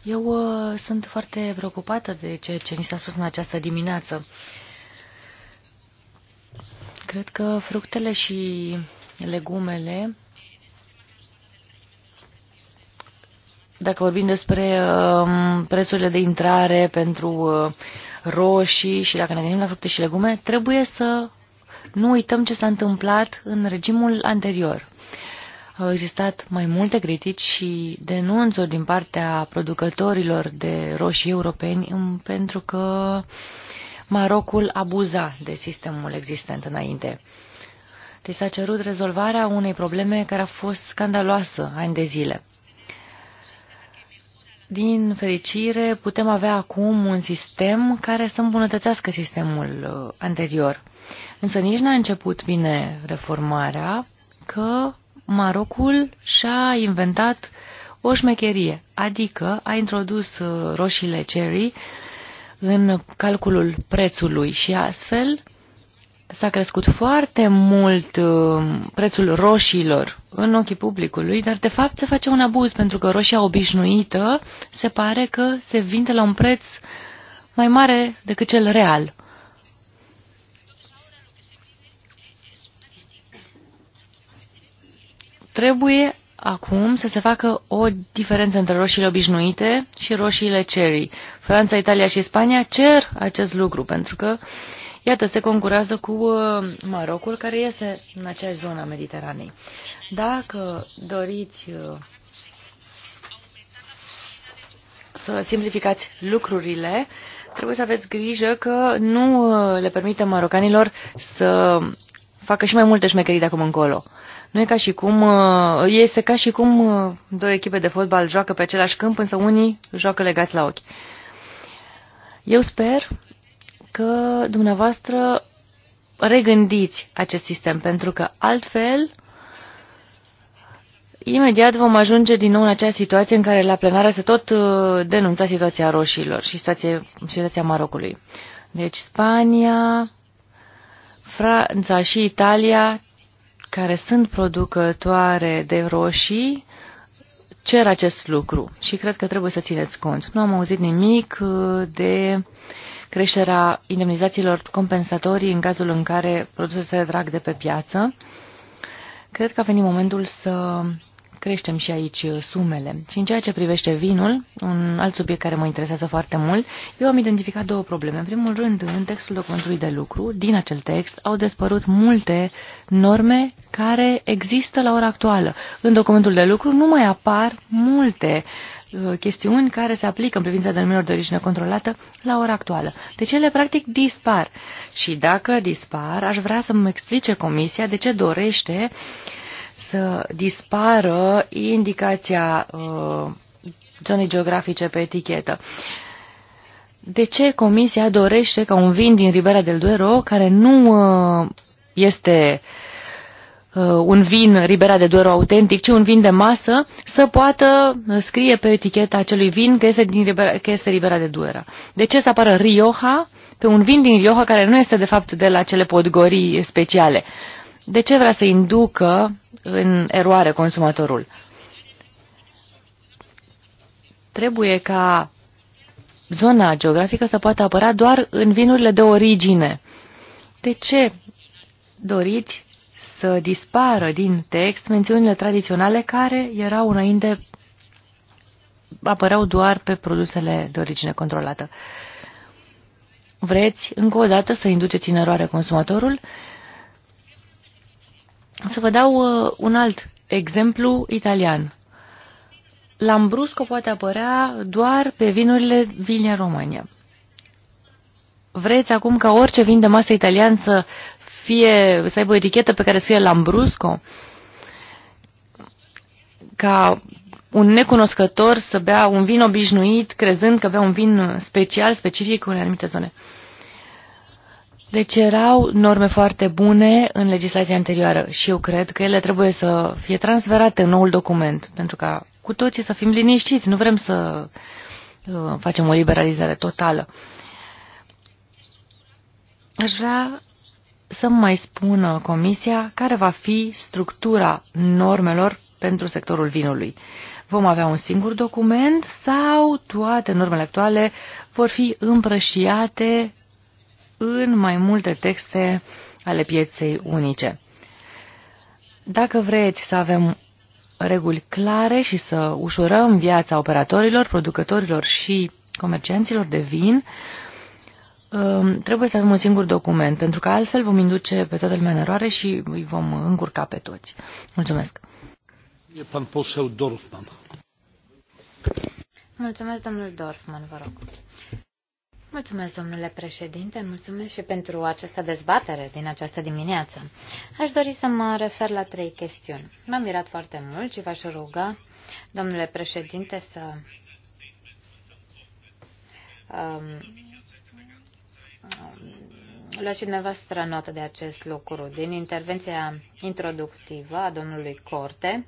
Eu uh, sunt foarte preocupată de ceea ce ni s-a spus în această dimineață. Cred că fructele și legumele, dacă vorbim despre um, prețurile de intrare pentru uh, roșii și dacă ne gândim la fructe și legume, trebuie să nu uităm ce s-a întâmplat în regimul anterior. Au existat mai multe critici și denunțuri din partea producătorilor de roșii europeni um, pentru că Marocul abuza de sistemul existent înainte. Li s-a cerut rezolvarea unei probleme care a fost scandaloasă ani de zile. Din fericire, putem avea acum un sistem care să îmbunătățească sistemul uh, anterior. Însă nici n-a început bine reformarea, că Marocul și-a inventat o șmecherie, adică a introdus uh, roșiile cherry în calculul prețului și astfel s-a crescut foarte mult uh, prețul roșiilor în ochii publicului, dar de fapt se face un abuz pentru că roșia obișnuită se pare că se vinde la un preț mai mare decât cel real. Trebuie acum să se facă o diferență între roșiile obișnuite și roșiile cherry. Franța, Italia și Spania cer acest lucru pentru că, iată, se concurează cu uh, Marocul, care este în acea zonă a Mediteranei. Dacă doriți uh, să simplificați lucrurile, trebuie să aveți grijă că nu uh, le permite marocanilor să facă și mai multe șmecherii de acum încolo. Nu e ca și cum, uh, este ca și cum uh, două echipe de fotbal joacă pe același câmp, însă unii joacă legați la ochi. Eu sper că dumneavoastră regândiți acest sistem, pentru că altfel imediat vom ajunge din nou în acea situație în care la plenară se tot uh, denunța situația roșilor și situația, situația Marocului. Deci Spania, Franța și Italia care sunt producătoare de roșii cer acest lucru și cred că trebuie să țineți cont. Nu am auzit nimic uh, de creșterea indemnizațiilor compensatorii în cazul în care produsele se retrag de pe piață. Cred că a venit momentul să creștem și aici uh, sumele. Și în ceea ce privește vinul, un alt subiect care mă interesează foarte mult, eu am identificat două probleme. În primul rând, în textul documentului de lucru, din acel text, au despărut multe norme care există la ora actuală. În documentul de lucru nu mai apar multe uh, chestiuni care se aplică în privința denumirilor de origine controlată la ora actuală. Deci ele practic dispar. Și dacă dispar, aș vrea să-mi explice Comisia de ce dorește uh, să dispară indicația uh, zonei geografice pe etichetă. De ce Comisia dorește ca un vin din Ribera del Duero, care nu uh, este uh, un vin Ribera de Duero autentic, ci un vin de masă, să poată scrie pe eticheta acelui vin că este, din Ribera, că este Ribera de Duero? De ce să apară Rioja pe un vin din Rioja care nu este de fapt de la cele podgorii speciale? Uh, de ce vrea să inducă în eroare consumatorul? Trebuie ca zona geografică să poată apăra doar în vinurile de origine. De ce doriți să dispară din text mențiunile tradiționale care erau înainte apăreau doar pe produsele de origine controlată. Vreți, încă o dată, să induceți în eroare consumatorul? Să vă dau uh, un alt exemplu italian. Lambrusco poate apărea doar pe vinurile Vinia România. Vreți acum ca orice vin de masă italian să fie, să aibă o etichetă pe care să-i fie Lambrusco? Ca un necunoscător să bea un vin obișnuit, crezând că bea un vin special, specific în anumite zone. Uh, deci erau norme foarte bune în legislația anterioară și eu cred că ele trebuie să fie transferate în noul document, pentru ca cu toții să fim liniștiți, nu vrem să uh, facem o liberalizare totală. Aș vrea să mai spună Comisia care va fi structura normelor pentru sectorul vinului. Vom avea un singur document sau toate normele actuale vor fi împrășiate în mai multe texte ale pieței unice. Dacă vreți să avem reguli clare și să ușurăm viața operatorilor, producătorilor și comercianților de vin, um, trebuie să avem un singur document, pentru că altfel vom induce pe toată lumea în eroare și îi vom încurca pe toți. Mulțumesc. E pan poseu Dorfman. Mulțumesc, domnul Dorfman, vă rog. Mulțumesc, domnule președinte, mulțumesc și pentru această dezbatere din această dimineață. Aș dori să mă refer la trei chestiuni. M-am mirat foarte mult și v-aș ruga, domnule președinte, să um, luați și dumneavoastră notă de acest lucru. Din intervenția introductivă a domnului Corte,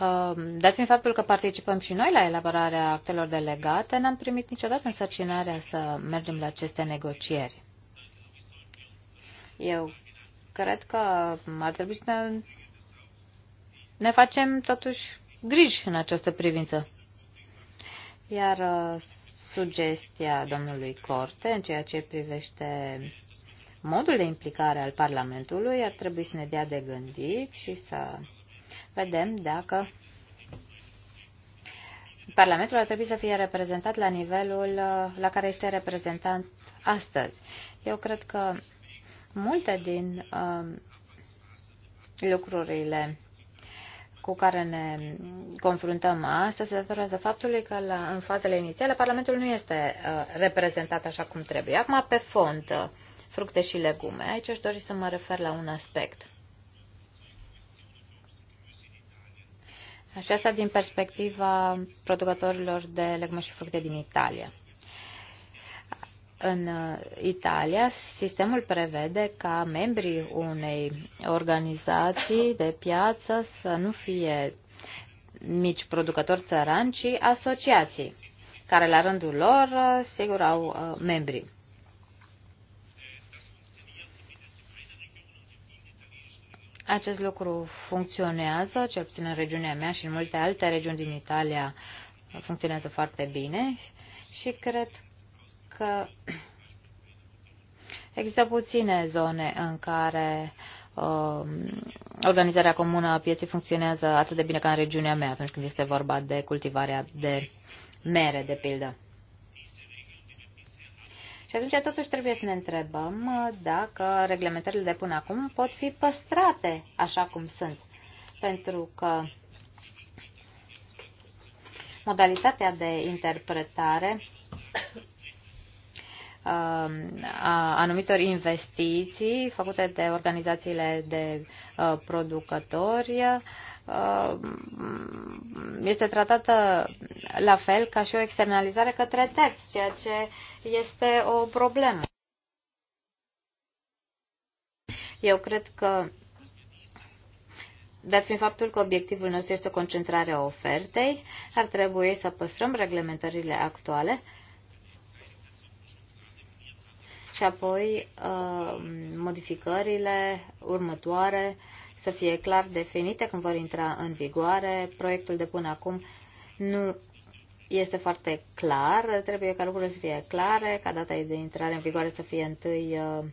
Um, dat fiind faptul că participăm și noi la elaborarea actelor delegate, n-am primit niciodată însărcinarea să mergem la aceste negocieri. Eu cred că ar trebui să ne, ne facem totuși griji în această privință. Iar uh, sugestia domnului Corte în ceea ce privește modul de implicare al Parlamentului ar trebui să ne dea de gândit și să vedem dacă Parlamentul ar trebui să fie reprezentat la nivelul uh, la care este reprezentat astăzi. Eu cred că multe din uh, lucrurile cu care ne confruntăm astăzi se datorează faptului că la, în fazele inițiale Parlamentul nu este uh, reprezentat așa cum trebuie. Acum, pe fond, uh, fructe și legume. Aici aș dori să mă refer la un aspect. Aceasta din perspectiva producătorilor de legume și fructe din Italia. În uh, Italia, sistemul prevede ca membrii unei organizații de piață să nu fie mici producători țărani, ci asociații, care la rândul lor, uh, sigur, au uh, membri. Acest lucru funcționează, cel puțin în regiunea mea și în multe alte regiuni din Italia funcționează foarte bine și cred că există puține zone în care uh, organizarea comună a pieței funcționează atât de bine ca în regiunea mea atunci când este vorba de cultivarea de mere, de pildă. Și atunci totuși trebuie să ne întrebăm uh, dacă reglementările de până acum pot fi păstrate așa cum sunt. Pentru că modalitatea de interpretare uh, a anumitor investiții făcute de organizațiile de uh, producători Uh, este tratată la fel ca și o externalizare către text, ceea ce este o problemă. Eu cred că, de fiind faptul că obiectivul nostru este concentrarea ofertei, ar trebui să păstrăm reglementările actuale și apoi uh, modificările următoare să fie clar definite când vor intra în vigoare. Proiectul de până acum nu este foarte clar, trebuie ca lucrurile să fie clare, ca data de intrare în vigoare să fie 1 uh,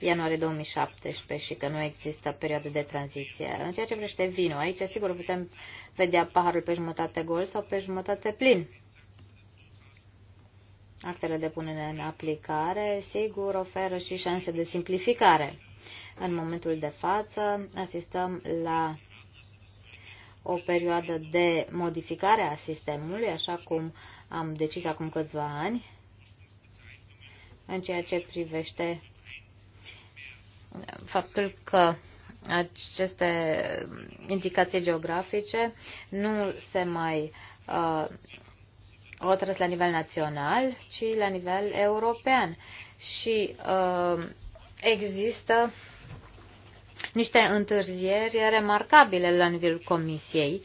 ianuarie 2017 și că nu există perioadă de tranziție. În ceea ce privește vinul, aici sigur putem vedea paharul pe jumătate gol sau pe jumătate plin. Actele de punere în aplicare, sigur, oferă și șanse de simplificare. În momentul de față asistăm la o perioadă de modificare a sistemului, așa cum am decis acum câțiva ani, în ceea ce privește faptul că aceste indicații geografice nu se mai uh, otrăs la nivel național, ci la nivel european. Și uh, există niște întârzieri remarcabile la nivelul Comisiei,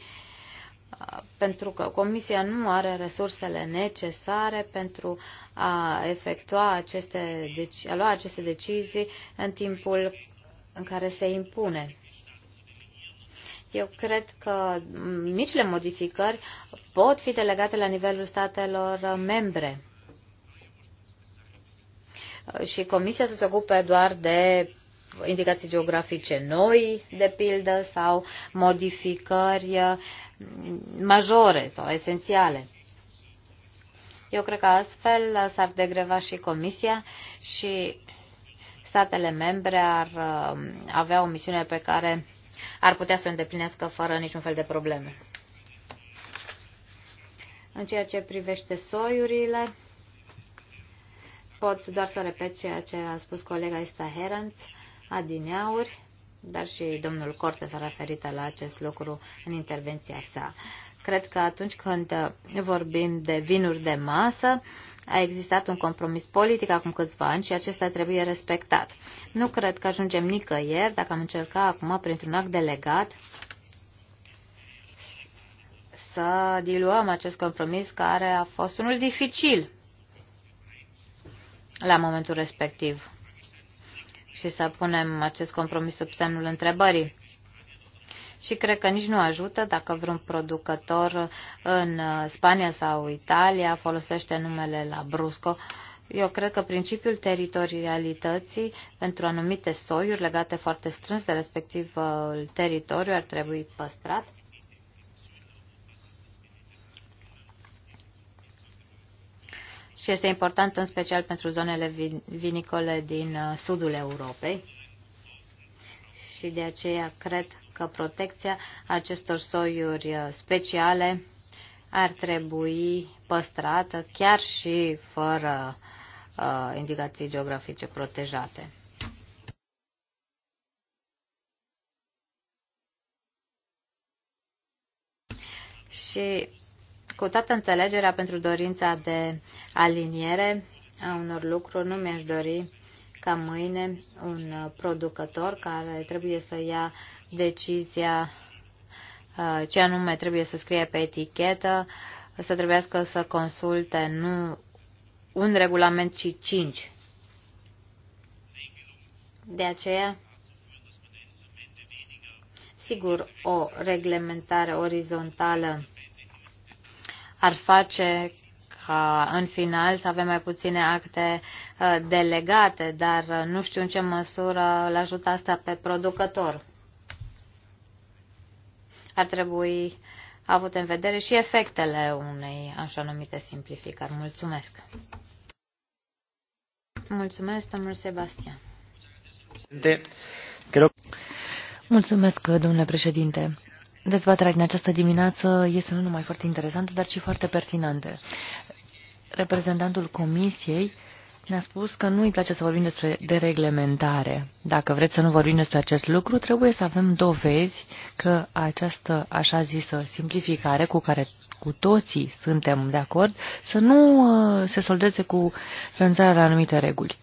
pentru că Comisia nu are resursele necesare pentru a efectua aceste, deci, a lua aceste decizii în timpul în care se impune. Eu cred că micile modificări pot fi delegate la nivelul statelor membre și Comisia să se ocupe doar de indicații geografice noi, de pildă, sau modificări uh, majore sau esențiale. Eu cred că astfel s-ar degreva și Comisia și statele membre ar uh, avea o misiune pe care ar putea să o îndeplinească fără niciun fel de probleme. În ceea ce privește soiurile, pot doar să repet ceea ce a spus colega Ista Herenz adineauri, dar și domnul Corte s-a referit la acest lucru în intervenția sa. Cred că atunci când vorbim de vinuri de masă, a existat un compromis politic acum câțiva ani și acesta trebuie respectat. Nu cred că ajungem nicăieri dacă am încercat acum printr-un act delegat să diluăm acest compromis care a fost unul dificil la momentul respectiv și să punem acest compromis sub semnul întrebării. Și cred că nici nu ajută dacă vreun producător în Spania sau Italia folosește numele la Brusco. Eu cred că principiul teritorialității pentru anumite soiuri legate foarte strâns de respectiv teritoriu ar trebui păstrat și este important în special pentru zonele vinicole din uh, sudul Europei. Și de aceea cred că protecția acestor soiuri uh, speciale ar trebui păstrată chiar și fără uh, indicații geografice protejate. Și cu toată înțelegerea pentru dorința de aliniere a unor lucruri, nu mi-aș dori ca mâine un producător care trebuie să ia decizia uh, ce anume trebuie să scrie pe etichetă, să trebuiască să consulte nu un regulament, ci cinci. De aceea, sigur, o reglementare orizontală ar face ca în final să avem mai puține acte uh, delegate, dar uh, nu știu în ce măsură îl ajută asta pe producător. Ar trebui avut în vedere și efectele unei așa numite simplificări. Mulțumesc! Mulțumesc, domnul Sebastian. Mulțumesc, domnule președinte. Dezbaterea din această dimineață este nu numai foarte interesantă, dar și foarte pertinentă. Reprezentantul Comisiei ne-a spus că nu îi place să vorbim despre dereglementare. Dacă vreți să nu vorbim despre acest lucru, trebuie să avem dovezi că această așa zisă simplificare cu care cu toții suntem de acord, să nu uh, se soldeze cu renunțarea la anumite reguli.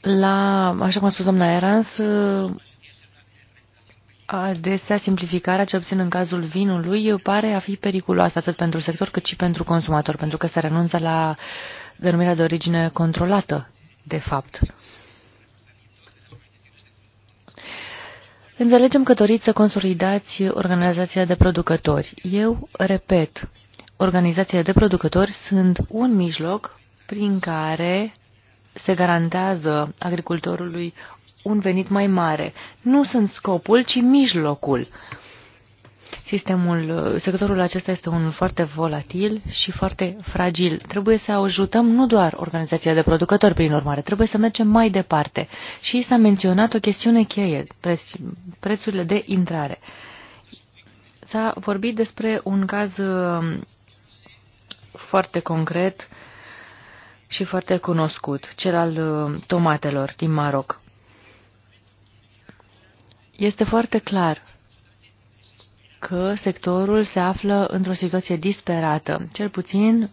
La, așa cum a spus doamna Erans, uh, Adesea, simplificarea, ce obțin în cazul vinului, pare a fi periculoasă atât pentru sector cât și pentru consumator, pentru că se renunță la denumirea de origine controlată, de fapt. Înțelegem că doriți să consolidați organizația de producători. Eu repet, organizațiile de producători sunt un mijloc prin care se garantează agricultorului un venit mai mare. Nu sunt scopul, ci mijlocul. Sistemul, sectorul acesta este unul foarte volatil și foarte fragil. Trebuie să ajutăm nu doar organizația de producători, prin urmare, trebuie să mergem mai departe. Și s-a menționat o chestiune cheie, prețurile de intrare. S-a vorbit despre un caz uh, foarte concret și foarte cunoscut, cel al uh, tomatelor din Maroc. Este foarte clar că sectorul se află într-o situație disperată. Cel puțin,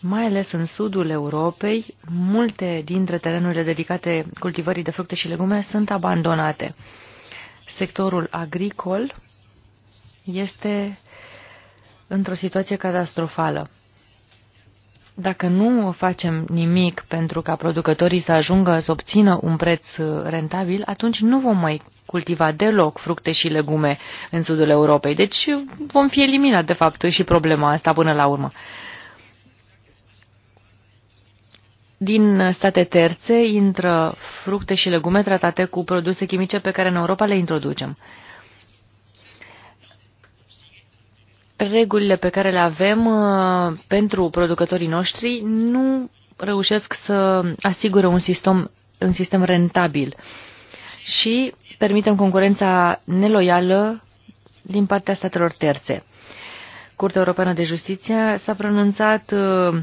mai ales în sudul Europei, multe dintre terenurile dedicate cultivării de fructe și legume sunt abandonate. Sectorul agricol este într-o situație catastrofală. Dacă nu facem nimic pentru ca producătorii să ajungă să obțină un preț uh, rentabil, atunci nu vom mai cultiva deloc fructe și legume în sudul Europei. Deci uh, vom fi eliminat, de fapt, și problema asta până la urmă. Din state terțe intră fructe și legume tratate cu produse chimice pe care în Europa le introducem. regulile pe care le avem uh, pentru producătorii noștri nu reușesc să asigure un sistem, un sistem rentabil și permitem concurența neloială din partea statelor terțe. Curtea Europeană de Justiție s-a pronunțat uh,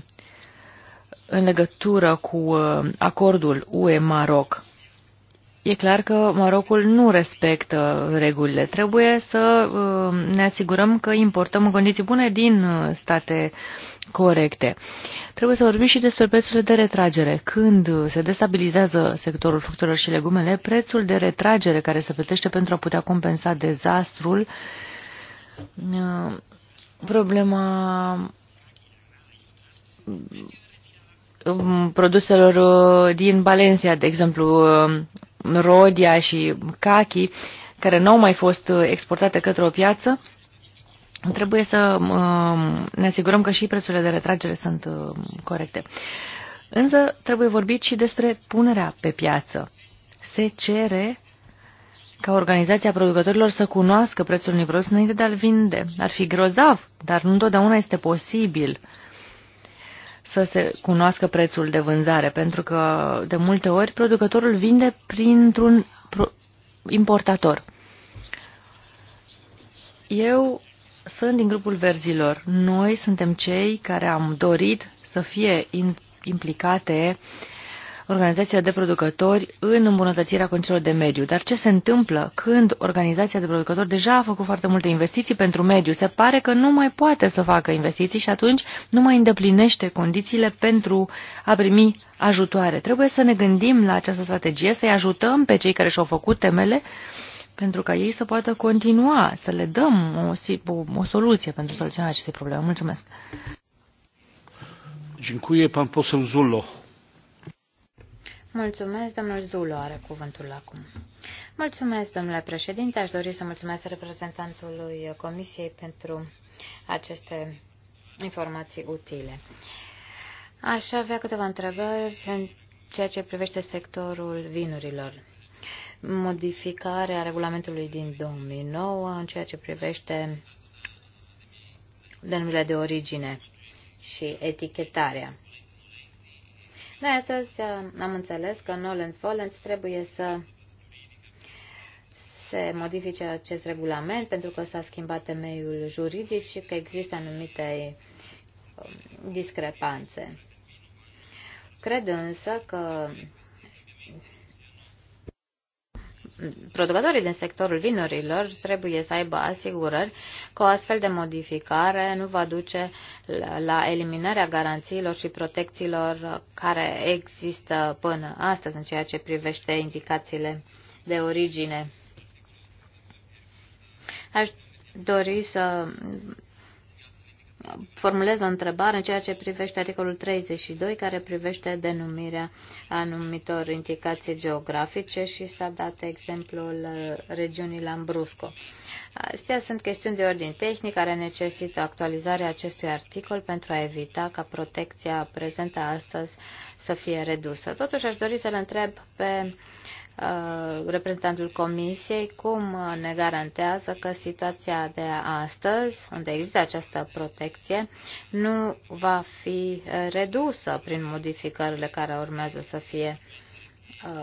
în legătură cu uh, acordul UE-Maroc E clar că Marocul nu respectă regulile. Trebuie să uh, ne asigurăm că importăm în condiții bune din uh, state corecte. Trebuie să vorbim și despre prețurile de retragere. Când se destabilizează sectorul fructelor și legumele, prețul de retragere care se plătește pentru a putea compensa dezastrul, uh, problema um, produselor din Valencia, de exemplu, rodia și cachii, care nu au mai fost uh, exportate către o piață, trebuie să um, ne asigurăm că și prețurile de retragere sunt um, corecte. Însă trebuie vorbit și despre punerea pe piață. Se cere ca organizația producătorilor să cunoască prețul nivelos înainte de a-l vinde. Ar fi grozav, dar nu întotdeauna este posibil. Uh, să se cunoască prețul de vânzare, pentru că de multe ori producătorul vinde printr-un importator. Eu sunt din grupul verzilor. Noi suntem cei care am dorit să fie implicate uh, organizația de producători în îmbunătățirea condițiilor de mediu. Dar ce se întâmplă când organizația de producători deja a făcut foarte multe investiții pentru mediu? Se pare că nu mai poate să facă investiții și atunci nu mai îndeplinește condițiile pentru a primi ajutoare. Trebuie să ne gândim la această strategie, să-i ajutăm pe cei care și-au făcut temele pentru ca ei să poată continua, să le dăm o, o, o soluție pentru soluționarea acestei probleme. Mulțumesc! Dziękuję pan poseł Zullo. Mulțumesc, domnul Zulu are cuvântul acum. Mulțumesc, domnule președinte. Aș dori să mulțumesc reprezentantului Comisiei pentru aceste informații utile. Aș avea câteva întrebări în ceea ce privește sectorul vinurilor. Modificarea regulamentului din 2009 în ceea ce privește denumirea de origine și etichetarea. Noi astăzi uh, am înțeles că Nolens Volens trebuie să se modifice acest regulament pentru că s-a schimbat temeiul juridic și că există anumite um, discrepanțe. Cred însă că producătorii din sectorul vinurilor trebuie să aibă asigurări că o astfel de modificare nu va duce la eliminarea garanțiilor și protecțiilor care există până astăzi în ceea ce privește indicațiile de origine. Aș dori să formulez o întrebare în ceea ce privește articolul 32, care privește denumirea anumitor indicații geografice și s-a dat exemplul uh, regiunii Lambrusco. Astea sunt chestiuni de ordin tehnic care necesită actualizarea acestui articol pentru a evita ca protecția prezentă astăzi să fie redusă. Totuși aș dori să-l întreb pe Uh, reprezentantul Comisiei cum uh, ne garantează că situația de astăzi, unde există această protecție, nu va fi uh, redusă prin modificările care urmează să fie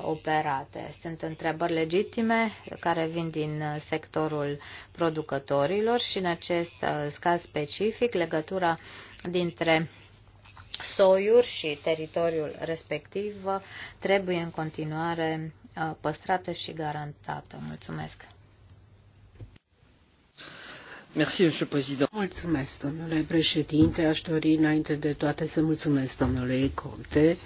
operate. Sunt întrebări legitime care vin din sectorul producătorilor și în acest caz specific legătura dintre soiuri și teritoriul respectiv trebuie în continuare Uh, păstrată și garantată. Mulțumesc! Merci, Mulțumesc, domnule președinte. Aș dori, înainte de toate, să mulțumesc domnului Comte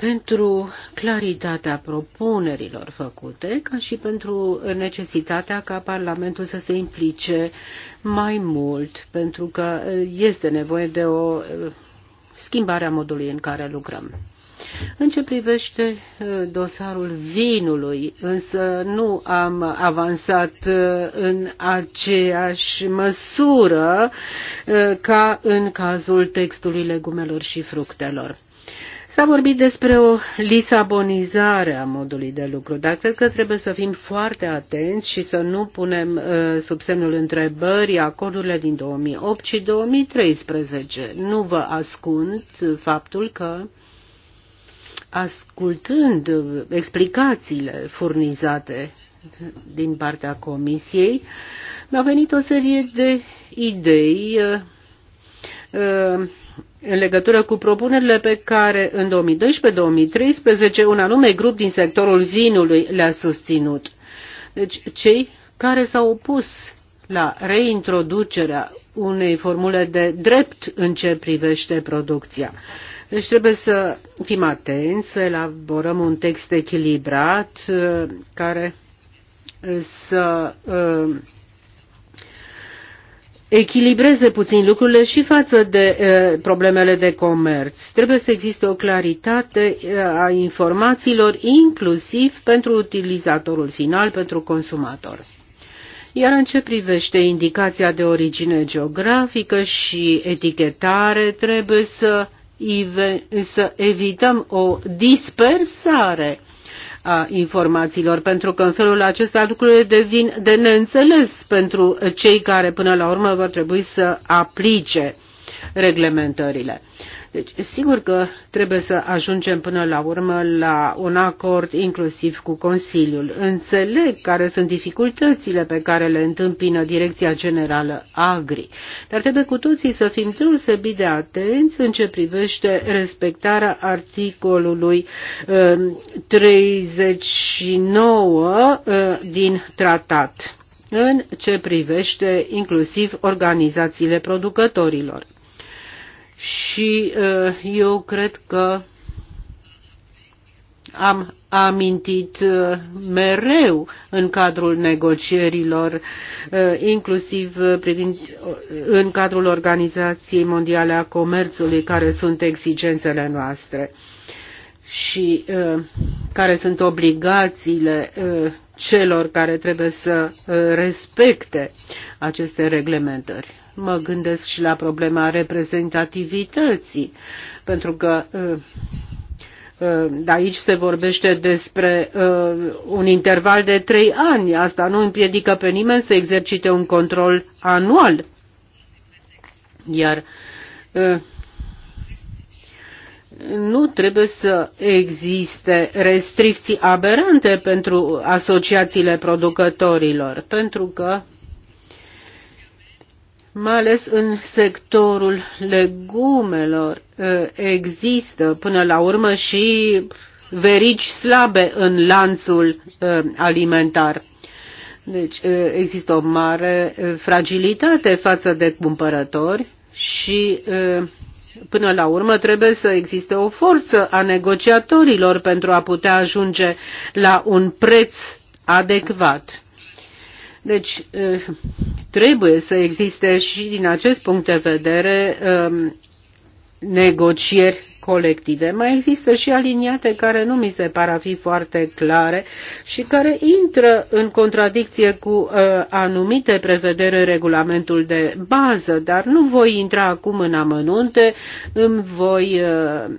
pentru claritatea propunerilor făcute, ca și pentru necesitatea ca Parlamentul să se implice mai mult, pentru că este nevoie de o schimbare a modului în care lucrăm. În ce privește uh, dosarul vinului, însă nu am avansat uh, în aceeași măsură uh, ca în cazul textului legumelor și fructelor. S-a vorbit despre o lisabonizare a modului de lucru, dar cred că trebuie să fim foarte atenți și să nu punem sub semnul întrebării acordurile din 2008 și 2013. Nu vă ascund faptul că ascultând explicațiile furnizate din partea comisiei, mi-au venit o serie de idei uh, uh, în legătură cu propunerile pe care în 2012-2013 un anume grup din sectorul vinului le-a susținut. Deci cei care s-au opus la reintroducerea unei formule de drept în ce privește producția. Deci trebuie să fim atenți, să elaborăm un text echilibrat uh, care să uh, echilibreze puțin lucrurile și față de uh, problemele de comerț. Trebuie să existe o claritate a informațiilor, inclusiv pentru utilizatorul final, pentru consumator. Iar în ce privește indicația de origine geografică și etichetare, trebuie să să evităm o dispersare a informațiilor, pentru că în felul acesta lucrurile devin de neînțeles pentru cei care până la urmă vor trebui să aplice reglementările. Deci, sigur că trebuie să ajungem până la urmă la un acord inclusiv cu Consiliul. Înțeleg care sunt dificultățile pe care le întâmpină Direcția Generală Agri, dar trebuie cu toții să fim deosebit de atenți în ce privește respectarea articolului 39 um, uh, din tratat în ce privește inclusiv organizațiile producătorilor și uh, eu cred că am amintit uh, mereu în cadrul negocierilor, uh, inclusiv privind în cadrul Organizației Mondiale a Comerțului, care sunt exigențele noastre și care sunt obligațiile celor care trebuie să respecte aceste reglementări mă gândesc și la problema reprezentativității, pentru că ă, ă, de aici se vorbește despre ă, un interval de trei ani. Asta nu împiedică pe nimeni să exercite un control anual. Iar nu trebuie să existe restricții aberante pentru asociațiile producătorilor, pentru că mai ales în sectorul legumelor ă, există până la urmă și verici slabe în lanțul ă, alimentar. Deci ă, există o mare fragilitate față de cumpărători și până la urmă trebuie să existe o forță a negociatorilor pentru a putea ajunge la un preț adecvat. Deci trebuie să existe și din acest punct de vedere negocieri colective. Mai există și aliniate care nu mi se par a fi foarte clare și care intră în contradicție cu uh, anumite prevedere în regulamentul de bază, dar nu voi intra acum în amănunte, îmi voi uh,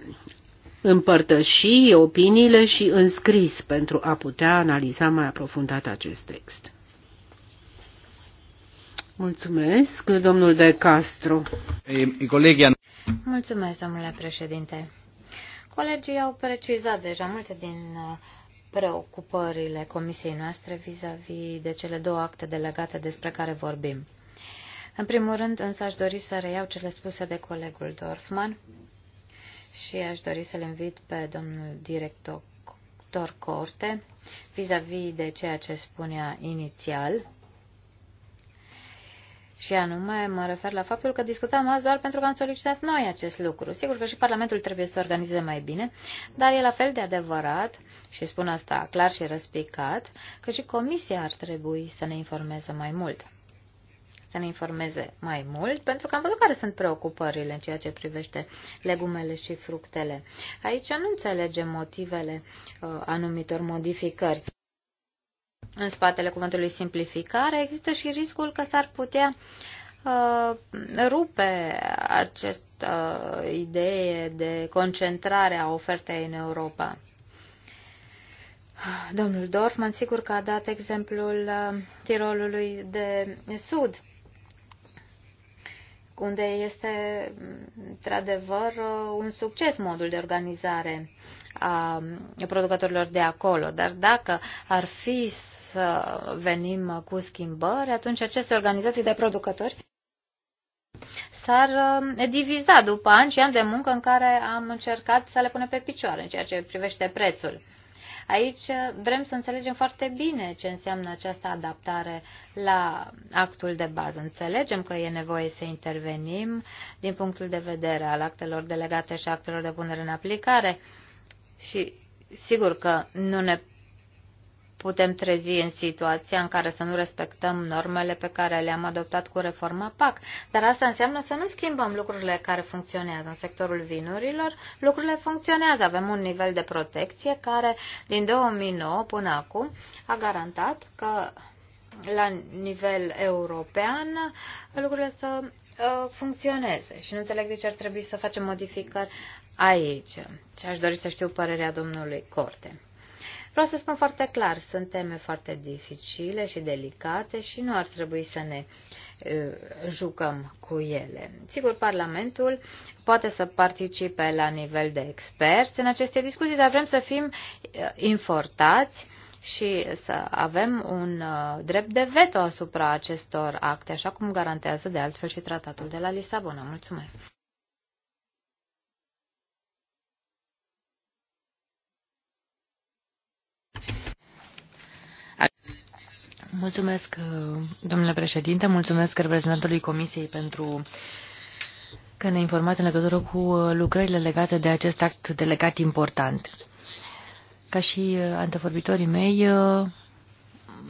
împărtăși opiniile și înscris pentru a putea analiza mai aprofundat acest text. Mulțumesc, domnul De Castro. Mulțumesc, domnule președinte. Colegii au precizat deja multe din uh, preocupările comisiei noastre vis-a-vis -vis de cele două acte delegate despre care vorbim. În primul rând, însă, aș dori să reiau cele spuse de colegul Dorfman și aș dori să-l invit pe domnul director Corte vis-a-vis -vis de ceea ce spunea inițial și anume, mă refer la faptul că discutăm azi doar pentru că am solicitat noi acest lucru. Sigur că și Parlamentul trebuie să organizeze mai bine, dar e la fel de adevărat, și spun asta clar și răspicat, că și Comisia ar trebui să ne informeze mai mult. Să ne informeze mai mult, pentru că am văzut care sunt preocupările în ceea ce privește legumele și fructele. Aici nu înțelegem motivele uh, anumitor modificări în spatele cuvântului simplificare, există și riscul că s-ar putea uh, rupe această uh, idee de concentrare a ofertei în Europa. Domnul Dorfman, sigur că a dat exemplul uh, Tirolului de Sud, unde este, într-adevăr, uh, un succes modul de organizare a producătorilor de acolo. Dar dacă ar fi să venim cu schimbări, atunci aceste organizații de producători s-ar uh, diviza după ani și ani de muncă în care am încercat să le punem pe picioare în ceea ce privește prețul. Aici uh, vrem să înțelegem foarte bine ce înseamnă această adaptare la actul de bază. Înțelegem că e nevoie să intervenim din punctul de vedere al actelor delegate și actelor de punere în aplicare, și sigur că nu ne putem trezi în situația în care să nu respectăm normele pe care le-am adoptat cu reforma PAC. Dar asta înseamnă să nu schimbăm lucrurile care funcționează. În sectorul vinurilor, lucrurile funcționează. Avem un nivel de protecție care, din 2009 până acum, a garantat că la nivel european lucrurile să uh, funcționeze și nu înțeleg de ce ar trebui să facem modificări aici. Și aș dori să știu părerea domnului Corte. Vreau să spun foarte clar, sunt teme foarte dificile și delicate și nu ar trebui să ne jucăm cu ele. Sigur, Parlamentul poate să participe la nivel de experți în aceste discuții, dar vrem să fim infortați și să avem un drept de veto asupra acestor acte, așa cum garantează de altfel și tratatul de la Lisabona. Mulțumesc! Mulțumesc, uh, domnule președinte, mulțumesc reprezentantului Comisiei pentru că ne-a informat în legătură cu uh, lucrările legate de acest act delegat important. Ca și uh, antevorbitorii mei,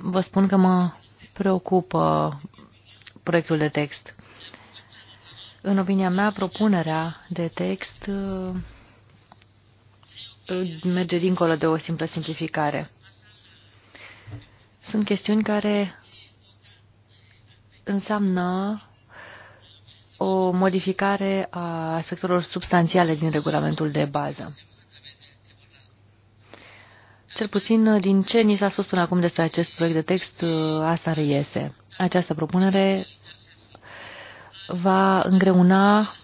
vă spun că mă preocupă proiectul de text. În opinia mea, propunerea de text merge dincolo de o simplă simplificare. Sunt chestiuni care înseamnă o modificare a aspectelor substanțiale din regulamentul de bază. Cel puțin din ce ni s-a spus până acum despre acest proiect de text, asta reiese. Această propunere va îngreuna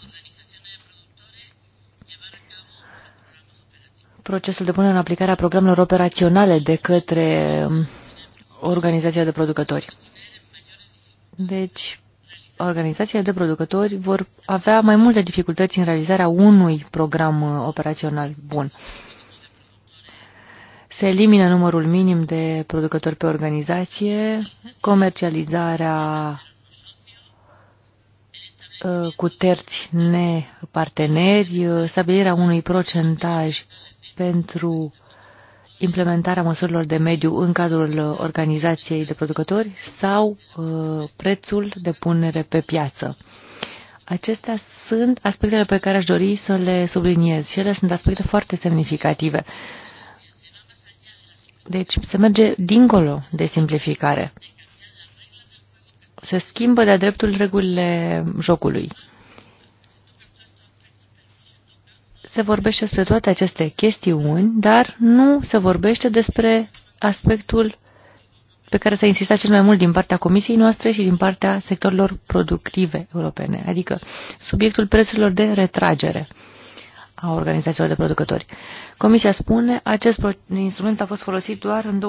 procesul de punere în aplicare a programelor operaționale de către organizația de producători. Deci, organizația de producători vor avea mai multe dificultăți în realizarea unui program uh, operațional bun. Se elimină numărul minim de producători pe organizație, comercializarea uh, cu terți neparteneri, uh, stabilirea unui procentaj pentru implementarea măsurilor de mediu în cadrul uh, organizației de producători sau uh, prețul de punere pe piață. Acestea sunt aspectele pe care aș dori să le subliniez și ele sunt aspecte foarte semnificative. Deci se merge dincolo de simplificare. Se schimbă de-a dreptul regulile jocului. Se vorbește despre toate aceste chestiuni, dar nu se vorbește despre aspectul pe care s-a insistat cel mai mult din partea comisiei noastre și din partea sectorilor productive europene, adică subiectul prețurilor de retragere a organizațiilor de producători. Comisia spune acest instrument a fost folosit doar în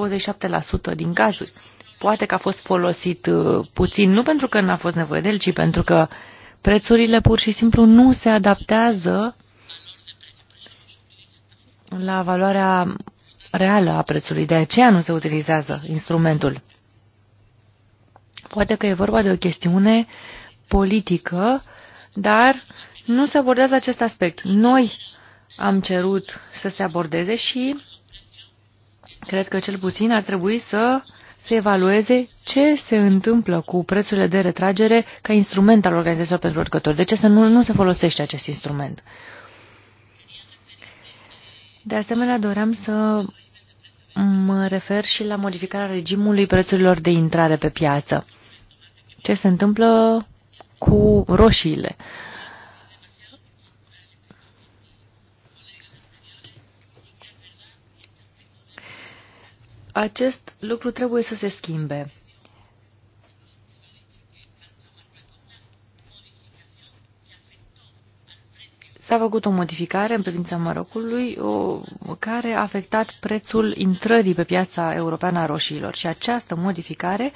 27% din cazuri. Poate că a fost folosit uh, puțin, nu pentru că n-a fost nevoie de el, ci pentru că prețurile pur și simplu nu se adaptează la valoarea reală a prețului. De aceea nu se utilizează instrumentul. Poate că e vorba de o chestiune politică, dar nu se abordează acest aspect. Noi am cerut să se abordeze și cred că cel puțin ar trebui să se evalueze ce se întâmplă cu prețurile de retragere ca instrument al organizațiilor pentru lucrători. De ce să nu, nu se folosește acest instrument? De asemenea, doream să mă refer și la modificarea regimului prețurilor de intrare pe piață. Ce se întâmplă cu roșiile? Acest lucru trebuie să se schimbe. S-a făcut o modificare în privința Marocului o, care a afectat prețul intrării pe piața europeană a roșiilor și această modificare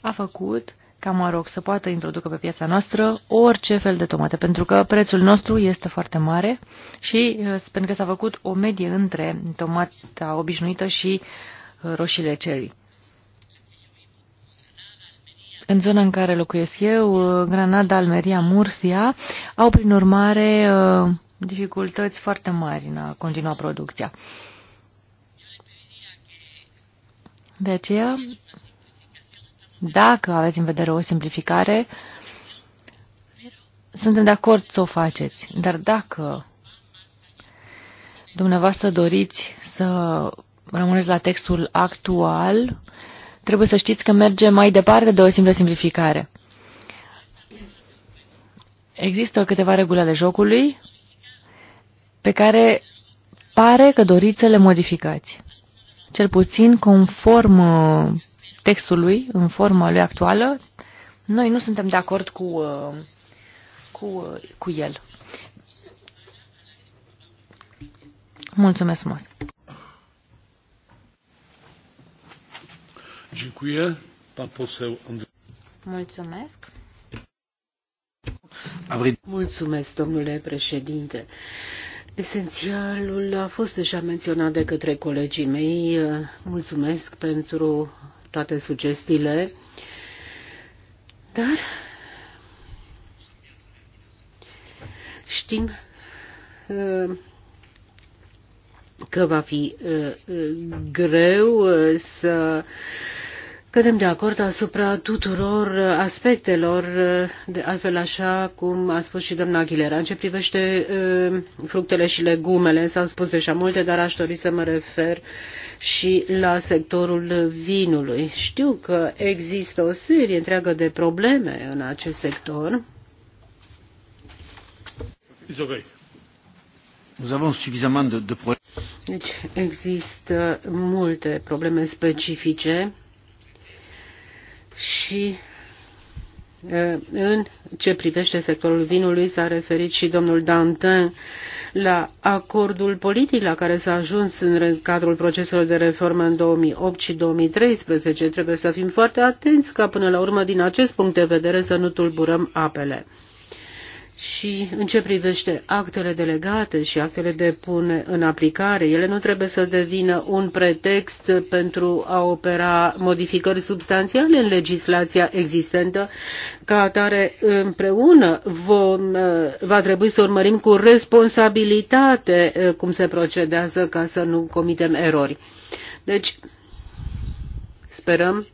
a făcut ca Maroc să poată introducă pe piața noastră orice fel de tomate, pentru că prețul nostru este foarte mare și uh, pentru că s-a făcut o medie între tomata obișnuită și uh, roșiile cherry. În zona în care locuiesc eu, uh, Granada, Almeria, Murcia, au prin urmare uh, dificultăți foarte mari în a continua producția. De aceea, dacă aveți în vedere o simplificare, suntem de acord să o faceți. Dar dacă dumneavoastră doriți să rămâneți la textul actual, uh, trebuie să știți că merge mai departe de o simplă simplificare. Există câteva reguli ale jocului pe care pare că doriți să le modificați. Cel puțin conform uh, textului, în forma lui actuală, noi nu suntem de acord cu, uh, cu, uh, cu el. Mulțumesc frumos! Dziękuję. Pan poseł Andrzej. Mulțumesc. Mulțumesc, domnule președinte. Esențialul a fost deja menționat de către colegii mei. Mulțumesc pentru toate sugestiile. Dar știm uh, că va fi uh, uh, greu să cădem de acord asupra tuturor uh, aspectelor, uh, de altfel așa cum a spus și doamna Aguilera. În ce privește uh, fructele și legumele, s a spus deja multe, dar aș dori să mă refer și la sectorul vinului. Știu că există o serie întreagă de probleme în acest sector. Nous avons suffisamment de, de problèmes. Deci există multe probleme specifice și în ce privește sectorul vinului s-a referit și domnul Dantin la acordul politic la care s-a ajuns în cadrul proceselor de reformă în 2008 și 2013. Trebuie să fim foarte atenți ca până la urmă din acest punct de vedere să nu tulburăm apele. Și în ce privește actele delegate și actele de pune în aplicare, ele nu trebuie să devină un pretext pentru a opera modificări substanțiale în legislația existentă. Ca atare, împreună vom, va trebui să urmărim cu responsabilitate cum se procedează ca să nu comitem erori. Deci, sperăm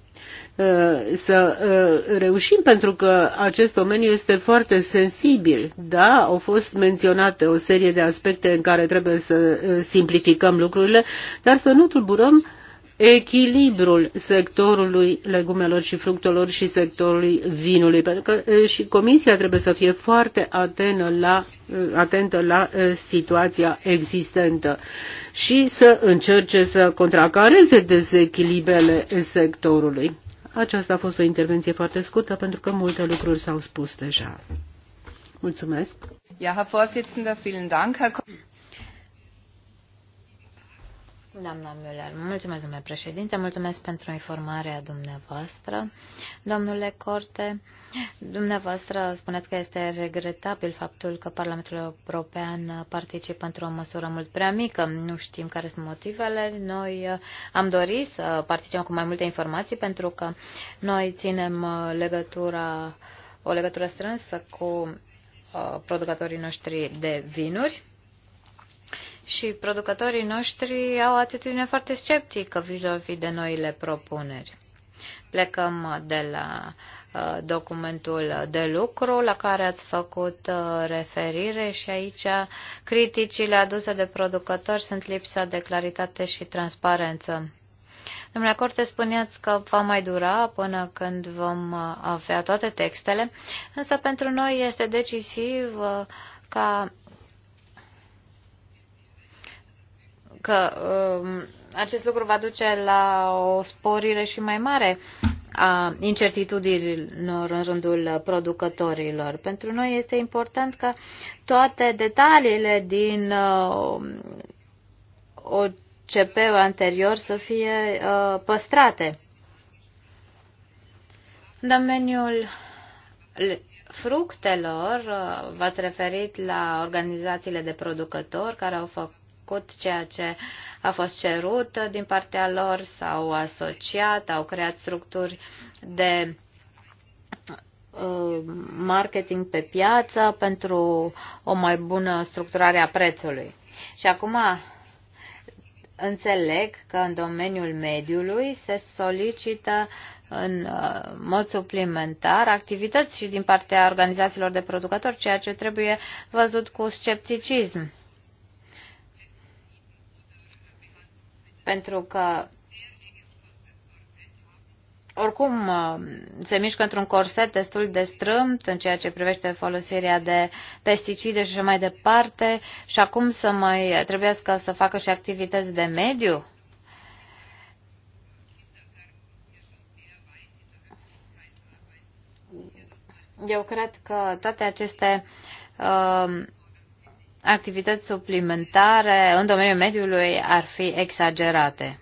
Uh, să uh, reușim, pentru că acest domeniu este foarte sensibil. Da, au fost menționate o serie de aspecte în care trebuie să uh, simplificăm lucrurile, dar să nu tulburăm echilibrul sectorului legumelor și fructelor și sectorului vinului, pentru că și Comisia trebuie să fie foarte atentă la, atentă la situația existentă și să încerce să contracareze dezechilibrele sectorului. Aceasta a fost o intervenție foarte scurtă pentru că multe lucruri s-au spus deja. Mulțumesc. Ja, Herr Vorsitzender, vielen Dank, Herr Doamna Müller, mulțumesc, domnule președinte, mulțumesc pentru informarea dumneavoastră. Domnule Corte, dumneavoastră spuneți că este regretabil faptul că Parlamentul European participă într-o măsură mult prea mică. Nu știm care sunt motivele. Noi uh, am dorit să participăm cu mai multe informații pentru că noi ținem uh, legătura, o legătură strânsă cu uh, producătorii noștri de vinuri și producătorii noștri au atitudine foarte sceptică vis-a-vis de noile propuneri. Plecăm de la uh, documentul de lucru la care ați făcut uh, referire și aici criticile aduse de producători sunt lipsa de claritate și transparență. Domnule Corte, spuneați că va mai dura până când vom uh, avea toate textele, însă pentru noi este decisiv ca că um, acest lucru va duce la o sporire și mai mare a incertitudinilor în rândul producătorilor. Pentru noi este important ca toate detaliile din uh, OCP-ul anterior să fie uh, păstrate. În domeniul fructelor, uh, v-ați referit la organizațiile de producători care au făcut făcut ceea ce a fost cerut din partea lor, s-au asociat, au creat structuri de uh, marketing pe piață pentru o mai bună structurare a prețului. Și acum înțeleg că în domeniul mediului se solicită în uh, mod suplimentar activități și din partea organizațiilor de producători, ceea ce trebuie văzut cu scepticism. Pentru că oricum se mișcă într-un corset destul de strâmt în ceea ce privește folosirea de pesticide și așa mai departe și acum să mai trebuiască să facă și activități de mediu? Eu cred că toate aceste uh, activități suplimentare în domeniul mediului ar fi exagerate.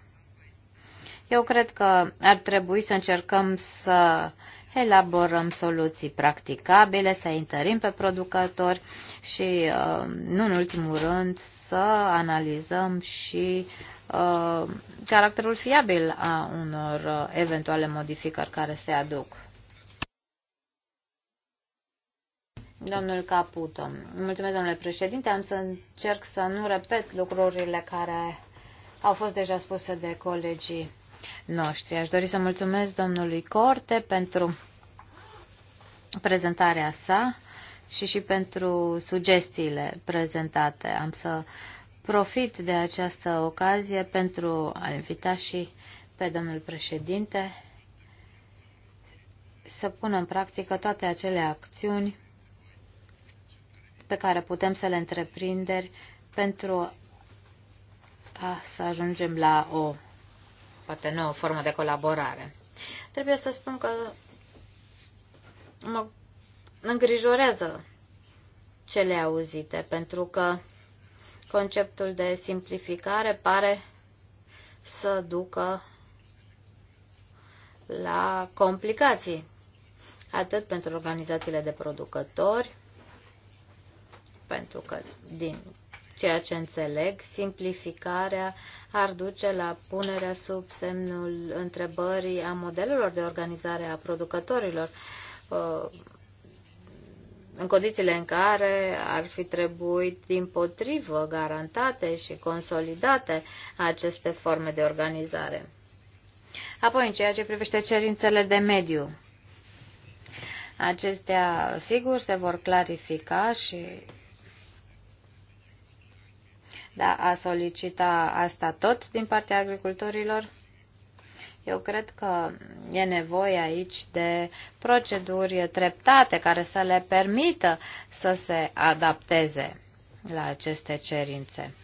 Eu cred că ar trebui să încercăm să elaborăm soluții practicabile, să întărim pe producători și, uh, nu în ultimul rând, să analizăm și uh, caracterul fiabil a unor uh, eventuale modificări care se aduc. Domnul Caputo. Mulțumesc, domnule președinte. Am să încerc să nu repet lucrurile care au fost deja spuse de colegii noștri. Aș dori să mulțumesc domnului Corte pentru prezentarea sa și și pentru sugestiile prezentate. Am să profit de această ocazie pentru a invita și pe domnul președinte să pună în practică toate acele acțiuni pe care putem să le întreprinderi pentru a să ajungem la o, poate nouă formă de colaborare. Trebuie să spun că mă îngrijorează cele auzite, pentru că conceptul de simplificare pare să ducă la complicații, atât pentru organizațiile de producători, pentru că, din ceea ce înțeleg, simplificarea ar duce la punerea sub semnul întrebării a modelelor de organizare a producătorilor, uh, în condițiile în care ar fi trebuit, din potrivă, garantate și consolidate aceste forme de organizare. Apoi, în ceea ce privește cerințele de mediu, acestea, sigur, se vor clarifica și da, a solicita asta tot din partea agricultorilor? Eu cred că e nevoie aici de proceduri treptate care să le permită să se adapteze la aceste cerințe.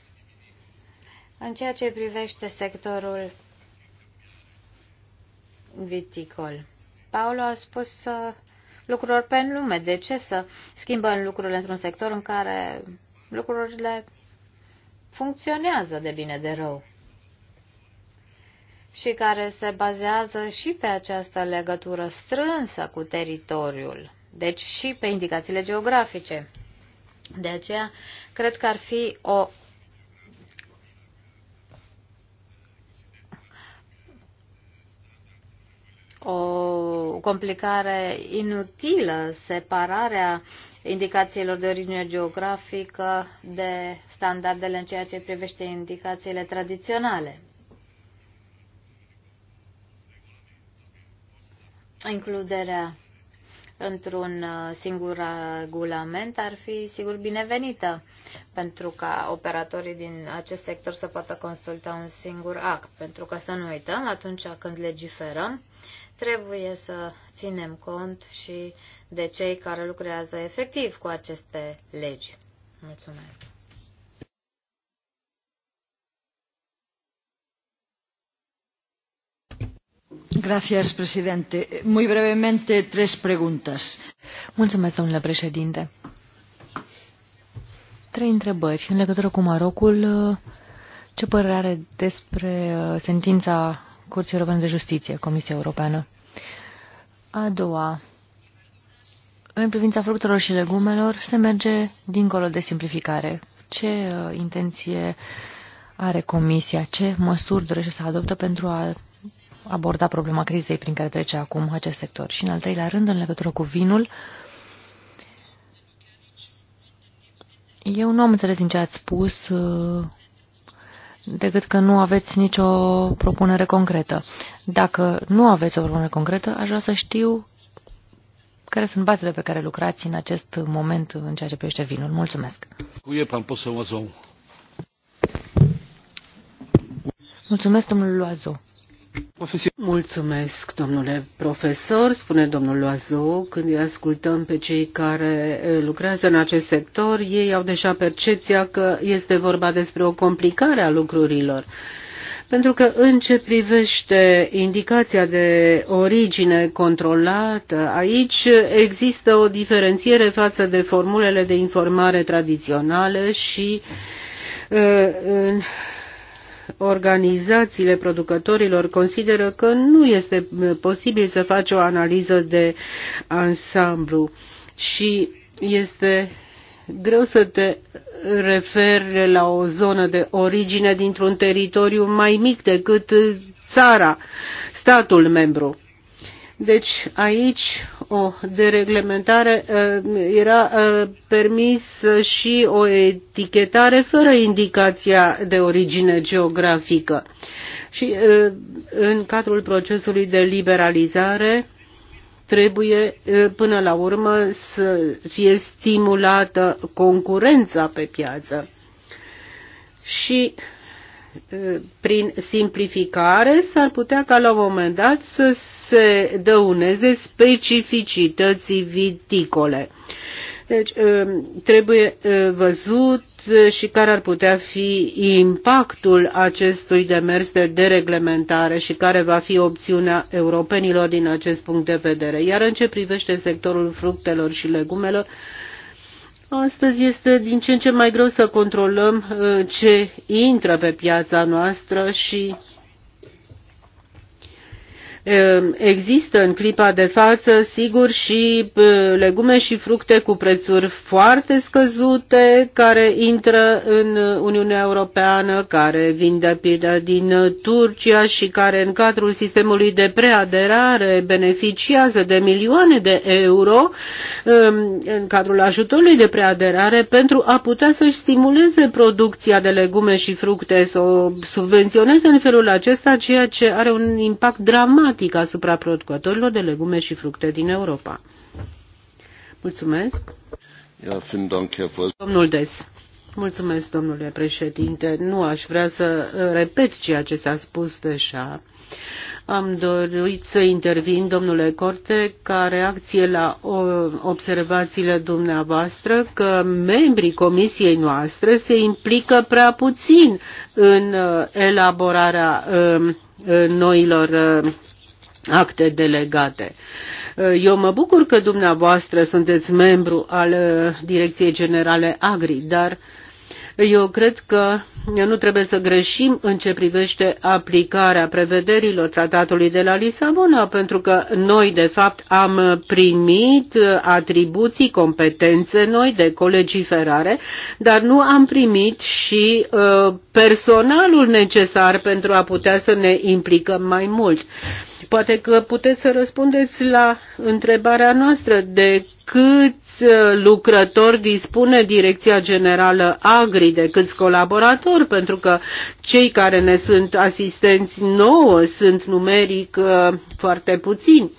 În ceea ce privește sectorul viticol, Paulo a spus uh, lucrurilor pe nume. De ce să schimbăm lucrurile într-un sector în care lucrurile funcționează de bine de rău și care se bazează și pe această legătură strânsă cu teritoriul, deci și pe indicațiile geografice. De aceea, cred că ar fi o o complicare inutilă separarea indicațiilor de origine geografică, de standardele în ceea ce privește indicațiile tradiționale. Includerea într-un uh, singur regulament ar fi sigur binevenită pentru ca operatorii din acest sector să poată consulta un singur act. Pentru că să nu uităm, atunci când legiferăm, trebuie să ținem cont și de cei care lucrează efectiv cu aceste legi. Mulțumesc! Gracias, presidente. Muy brevemente, tres preguntas. Mulțumesc, domnule președinte. Trei întrebări. În legătură cu Marocul, ce părere are despre uh, sentința Curții Europene de Justiție, Comisia Europeană. A doua, în privința fructelor și legumelor, se merge dincolo de simplificare. Ce uh, intenție are Comisia? Ce măsuri dorește să adoptă pentru a aborda problema crizei prin care trece acum acest sector? Și, în al treilea rând, în legătură cu vinul, eu nu am înțeles din ce ați spus uh, decât că nu aveți nicio propunere concretă. Dacă nu aveți o propunere concretă, aș vrea să știu care sunt bazele pe care lucrați în acest moment în ceea ce privește vinul. Mulțumesc! Mulțumesc, domnul Loazou. Mulțumesc, domnule profesor, spune domnul Loazou. Când îi ascultăm pe cei care lucrează în acest sector, ei au deja percepția că este vorba despre o complicare a lucrurilor pentru că în ce privește indicația de origine controlată, aici există o diferențiere față de formulele de informare tradiționale și organizațiile producătorilor consideră că nu este posibil să faci o analiză de ansamblu și este greu să te referi la o zonă de origine dintr-un teritoriu mai mic decât țara, statul membru. Deci aici o dereglementare, eh, era eh, permis și o etichetare fără indicația de origine geografică. Și eh, în cadrul procesului de liberalizare trebuie până la urmă să fie stimulată concurența pe piață. Și prin simplificare s-ar putea ca la un moment dat să se dăuneze specificității viticole. Deci ă, trebuie ă, văzut ă, și care ar putea fi impactul acestui demers de dereglementare și care va fi opțiunea europenilor din acest punct de vedere. Iar în ce privește sectorul fructelor și legumelor, Astăzi este din ce în ce mai greu să controlăm uh, ce intră pe piața noastră și Ehm, există în clipa de față, sigur, și legume și fructe cu prețuri foarte scăzute care intră în Uniunea Europeană, care vin de pildă din Turcia și care în cadrul sistemului de preaderare beneficiază de milioane de euro ehm, în cadrul ajutorului de preaderare pentru a putea să-și stimuleze producția de legume și fructe, să o subvenționeze în felul acesta, ceea ce are un impact dramatic dramatic asupra producătorilor de legume și fructe din Europa. Mulțumesc. Domnul Des. Mulțumesc, domnule președinte. Nu aș vrea să repet ceea ce s-a spus deja. Am dorit să intervin, domnule Corte, ca reacție la observațiile dumneavoastră că membrii comisiei noastre se implică prea puțin în uh, elaborarea um, uh, noilor uh, acte delegate. Uh, eu mă bucur că dumneavoastră sunteți membru al uh, Direcției Generale Agri, dar eu cred că nu trebuie să greșim în ce privește aplicarea prevederilor tratatului de la Lisabona, pentru că noi, de fapt, am primit uh, atribuții, competențe noi de colegiferare, dar nu am primit și uh, personalul necesar pentru a putea să ne implicăm mai mult. Uh, Poate că puteți să răspundeți la întrebarea noastră de câți uh, lucrători dispune Direcția Generală Agri, de câți colaboratori, pentru că cei care ne sunt asistenți nouă sunt numeric uh, foarte puțini.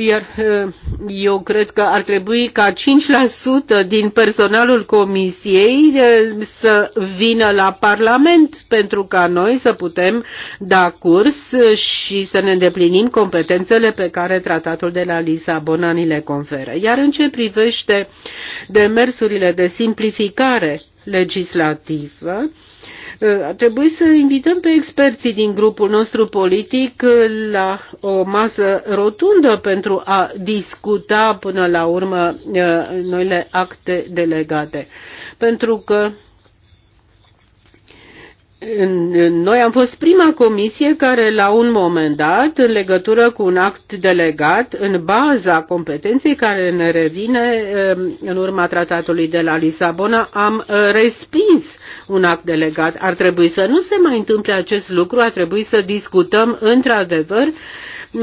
Iar eh, eu cred că ar trebui ca 5% din personalul comisiei eh, să vină la Parlament pentru ca noi să putem da curs eh, și să ne îndeplinim competențele pe care tratatul de la Lisabona ni le conferă. Iar în ce privește demersurile de simplificare legislativă, ar trebui să invităm pe experții din grupul nostru politic uh, la o masă rotundă pentru a discuta până la urmă uh, noile acte delegate. Pentru că noi am fost prima comisie care la un moment dat, în legătură cu un act delegat, în baza competenței care ne revine um, în urma tratatului de la Lisabona, am uh, respins un act delegat. Ar trebui să nu se mai întâmple acest lucru, ar trebui să discutăm într-adevăr uh,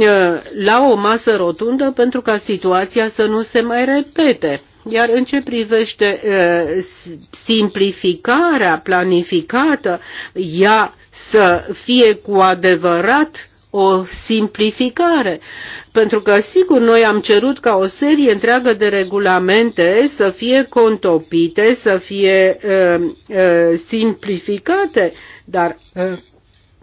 la o masă rotundă pentru ca situația să nu se mai repete. Iar în ce privește simplificarea planificată, ea să fie cu adevărat o simplificare. Pentru că, sigur, noi am cerut ca o serie întreagă de regulamente să fie contopite, să fie uh, uh, simplificate, dar uh,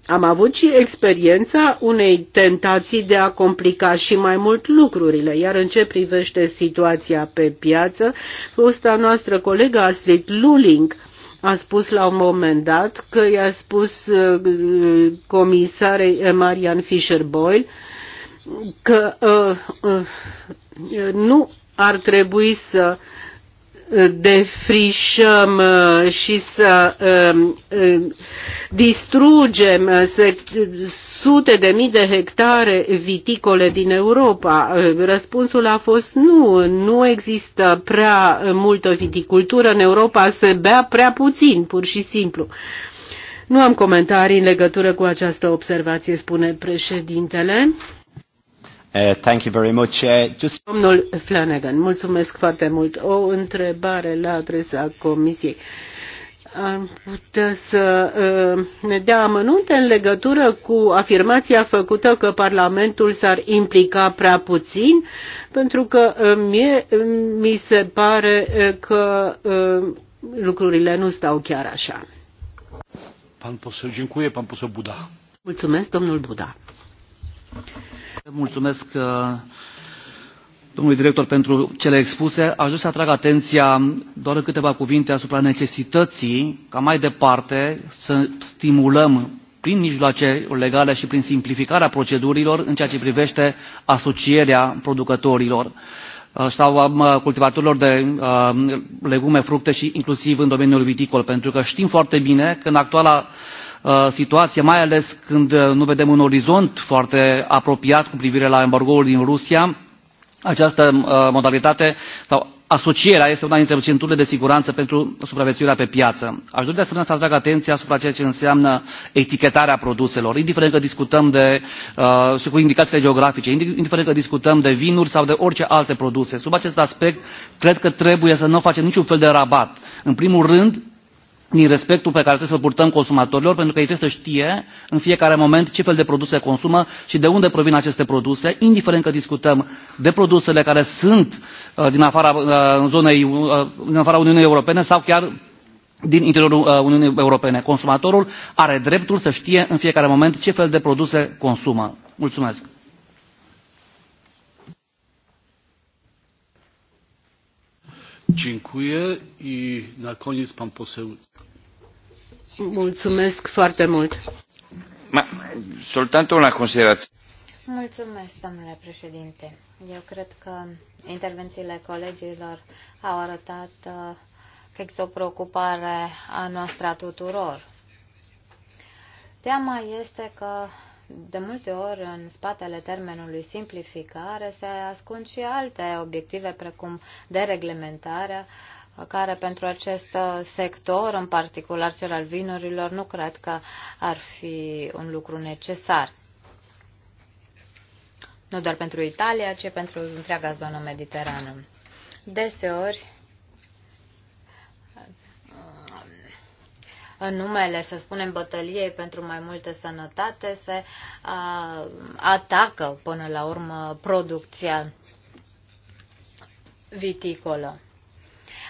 am avut și experiența unei tentații de a complica și mai mult lucrurile, iar în ce privește situația pe piață, fosta noastră colegă Astrid Luling a spus la un moment dat că i-a spus uh, comisarei uh, Marian Fisher-Boyle că uh, uh, nu ar trebui să uh, defrișăm uh, și să um, um, distrugem uh, sute de mii de hectare viticole din Europa? Uh, răspunsul a fost nu, nu există prea multă viticultură în Europa, se bea prea puțin, pur și simplu. Nu am comentarii în legătură cu această observație, spune președintele. Uh, uh, domnul Flanagan, mulțumesc foarte mult. O întrebare la adresa Comisiei. Am putea să uh, ne dea amănunte în legătură cu afirmația făcută că Parlamentul s-ar implica prea puțin, pentru că uh, mie, mi se pare că lucrurile nu stau chiar așa. Pan poseł, dziękuję, pan poseł Buda. Mulțumesc, domnul Buda. Mulțumesc uh, domnului director pentru cele expuse. Aș dori să atrag atenția doar în câteva cuvinte asupra necesității ca mai departe să stimulăm prin mijloace legale și prin simplificarea procedurilor în ceea ce privește asocierea producătorilor uh, sau uh, cultivatorilor de legume, fructe și inclusiv în domeniul viticol, pentru că știm foarte bine că în actuala Uh, situație, mai ales când uh, nu vedem un orizont foarte apropiat cu privire la embargoul din Rusia. Această uh, modalitate sau asocierea este una dintre centurile de siguranță pentru supraviețuirea pe piață. Aș dori de asemenea să atrag atenția asupra ceea ce înseamnă etichetarea produselor, indiferent că discutăm de, uh, și cu indicațiile geografice, indiferent că discutăm de vinuri sau de orice alte produse. Sub acest aspect, cred că trebuie să nu facem niciun fel de rabat. În primul rând, din respectul pe care trebuie să l purtăm consumatorilor pentru că ei trebuie să știe în fiecare moment ce fel de produse consumă și de unde provin aceste produse indiferent că discutăm de produsele care sunt uh, din afara uh, zonei uh, din afara uniunii europene sau chiar din interiorul uniunii europene. consumatorul are dreptul să știe în fiecare moment ce fel de produse consumă. mulțumesc. Mulțumesc foarte mult. soltanto una considerație. Mulțumesc, domnule președinte. Eu cred că intervențiile colegilor au arătat uh, că există o preocupare a noastră a tuturor. Teama este că de multe ori în spatele termenului simplificare se ascund și alte obiective precum dereglementarea, care pentru acest uh, sector, în particular cel al vinurilor, nu cred că ar fi un lucru necesar. Nu doar pentru Italia, ci pentru întreaga zonă mediterană. Deseori, în numele, să spunem, bătăliei pentru mai multe sănătate, se uh, atacă până la urmă producția viticolă.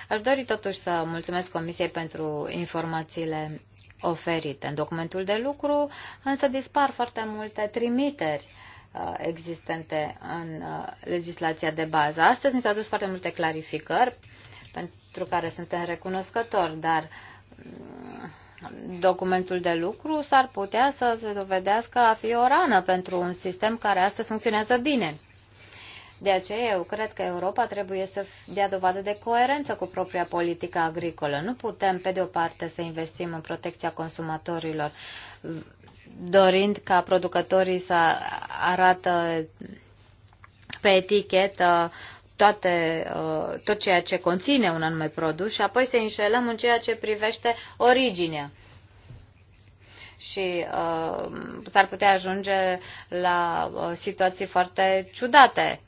Aș dori totuși să mulțumesc Comisiei pentru informațiile oferite. În documentul de lucru însă dispar foarte multe trimiteri existente în legislația de bază. Astăzi mi s-au adus foarte multe clarificări pentru care suntem recunoscători, dar documentul de lucru, s-ar putea să se dovedească a fi o rană pentru un sistem care astăzi funcționează bine. De aceea eu cred că Europa trebuie să dea dovadă de coerență cu propria politică agricolă. Nu putem, pe de o parte, să investim în protecția consumatorilor, dorind ca producătorii să arată pe etichetă toate, uh, tot ceea ce conține un anume produs și apoi să înșelăm în ceea ce privește originea. Și uh, s-ar putea ajunge la uh, situații foarte ciudate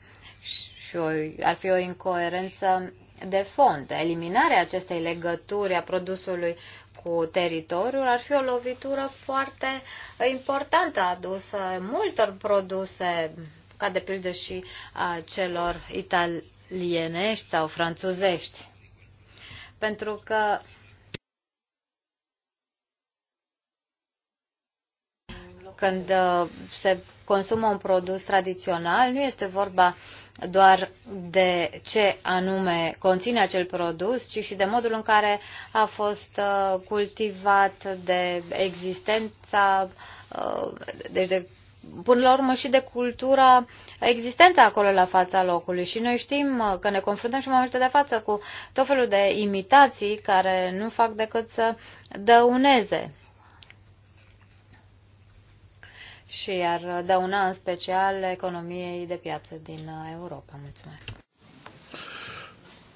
și o, ar fi o incoerență de fond. Eliminarea acestei legături a produsului cu teritoriul ar fi o lovitură foarte importantă adusă multor produse ca de pildă și a celor italienești sau franțuzești. Pentru că când se consumă un produs tradițional, nu este vorba doar de ce anume conține acel produs, ci și de modul în care a fost cultivat, de existența, deci de până la urmă și de cultura existentă acolo la fața locului. Și noi știm uh, că ne confruntăm și în momentul de față cu tot felul de imitații care nu fac decât să dăuneze. Și ar dăuna în special economiei de piață din uh, Europa. Mulțumesc.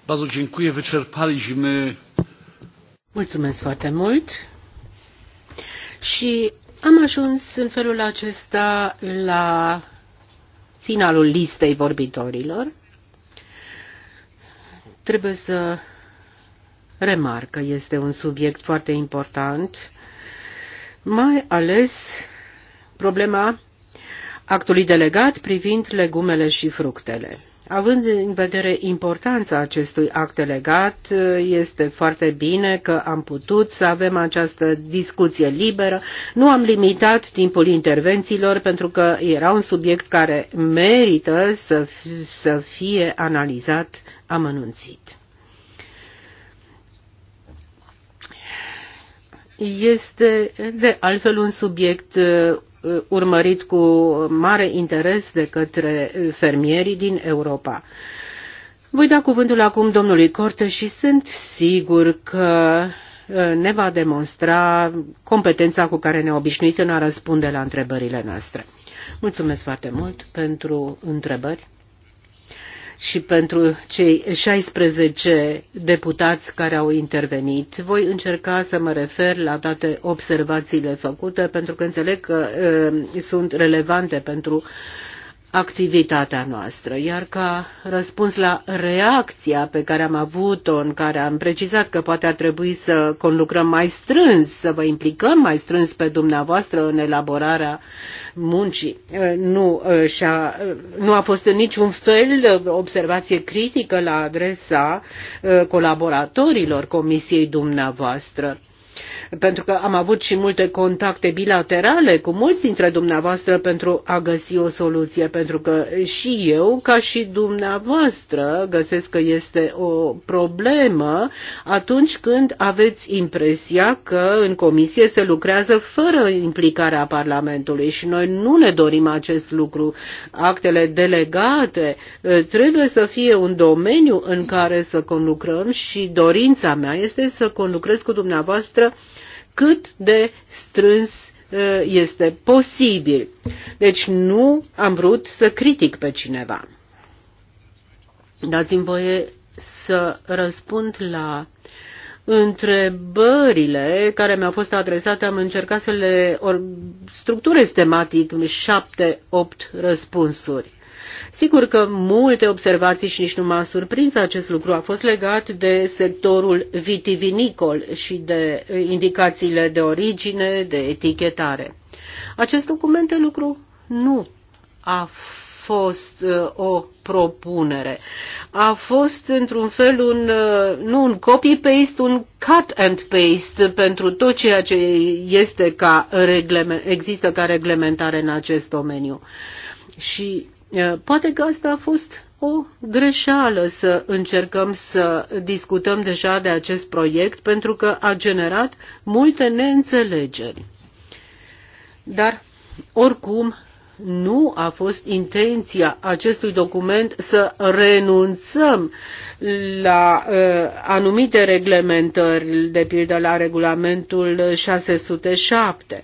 Bardzo dziękuję. Wyczerpaliśmy. Mulțumesc foarte mult. Și am ajuns în felul acesta la finalul listei vorbitorilor. Trebuie să remarc că este un subiect foarte important, mai ales problema actului delegat privind legumele și fructele. Având în vedere importanța acestui act legat, este foarte bine că am putut să avem această discuție liberă. Nu am limitat timpul intervențiilor pentru că era un subiect care merită să, să fie analizat amănunțit. Este de altfel un subiect Uh, urmărit cu mare interes de către uh, fermierii din Europa. Voi da cuvântul acum domnului Corte și sunt sigur că uh, ne va demonstra competența cu care ne-a obișnuit în a răspunde la întrebările noastre. Mulțumesc foarte mult pentru întrebări și pentru cei 16 deputați care au intervenit. Voi încerca să mă refer la toate observațiile făcute, pentru că înțeleg că uh, sunt relevante pentru uh, activitatea noastră, iar ca răspuns la reacția pe care am avut-o, în care am precizat că poate ar trebui să conlucrăm mai strâns, să vă implicăm mai strâns pe dumneavoastră în elaborarea muncii. Nu, și-a, nu a fost în niciun fel observație critică la adresa colaboratorilor comisiei dumneavoastră pentru că am avut și multe contacte bilaterale cu mulți dintre dumneavoastră pentru a găsi o soluție, pentru că și eu, ca și dumneavoastră, găsesc că este o problemă atunci când aveți impresia că în comisie se lucrează fără implicarea Parlamentului și noi nu ne dorim acest lucru. Actele delegate eh, trebuie să fie un domeniu în care să conlucrăm și dorința mea este să conlucrez cu dumneavoastră cât de strâns uh, este posibil. Deci nu am vrut să critic pe cineva. Dați-mi voie să răspund la întrebările care mi-au fost adresate. Am încercat să le structurez tematic șapte, opt răspunsuri. Sigur că multe observații și nici nu m-a surprins acest lucru a fost legat de sectorul vitivinicol și de indicațiile de origine, de etichetare. Acest document de lucru nu a fost uh, o propunere. A fost într-un fel un, uh, nu un copy-paste, un cut and paste pentru tot ceea ce este ca reglement, există ca reglementare în acest domeniu. Și Poate că asta a fost o greșeală să încercăm să discutăm deja de acest proiect pentru că a generat multe neînțelegeri. Dar, oricum, nu a fost intenția acestui document să renunțăm la uh, anumite reglementări, de pildă la regulamentul 607.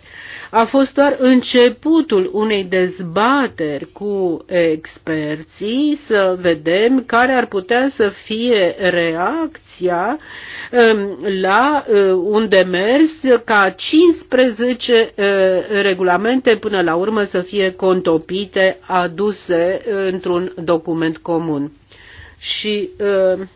A fost doar începutul unei dezbateri cu experții să vedem care ar putea să fie reacția um, la uh, un demers ca 15 uh, regulamente până la urmă să fie contopite, aduse uh, într-un document comun și uh,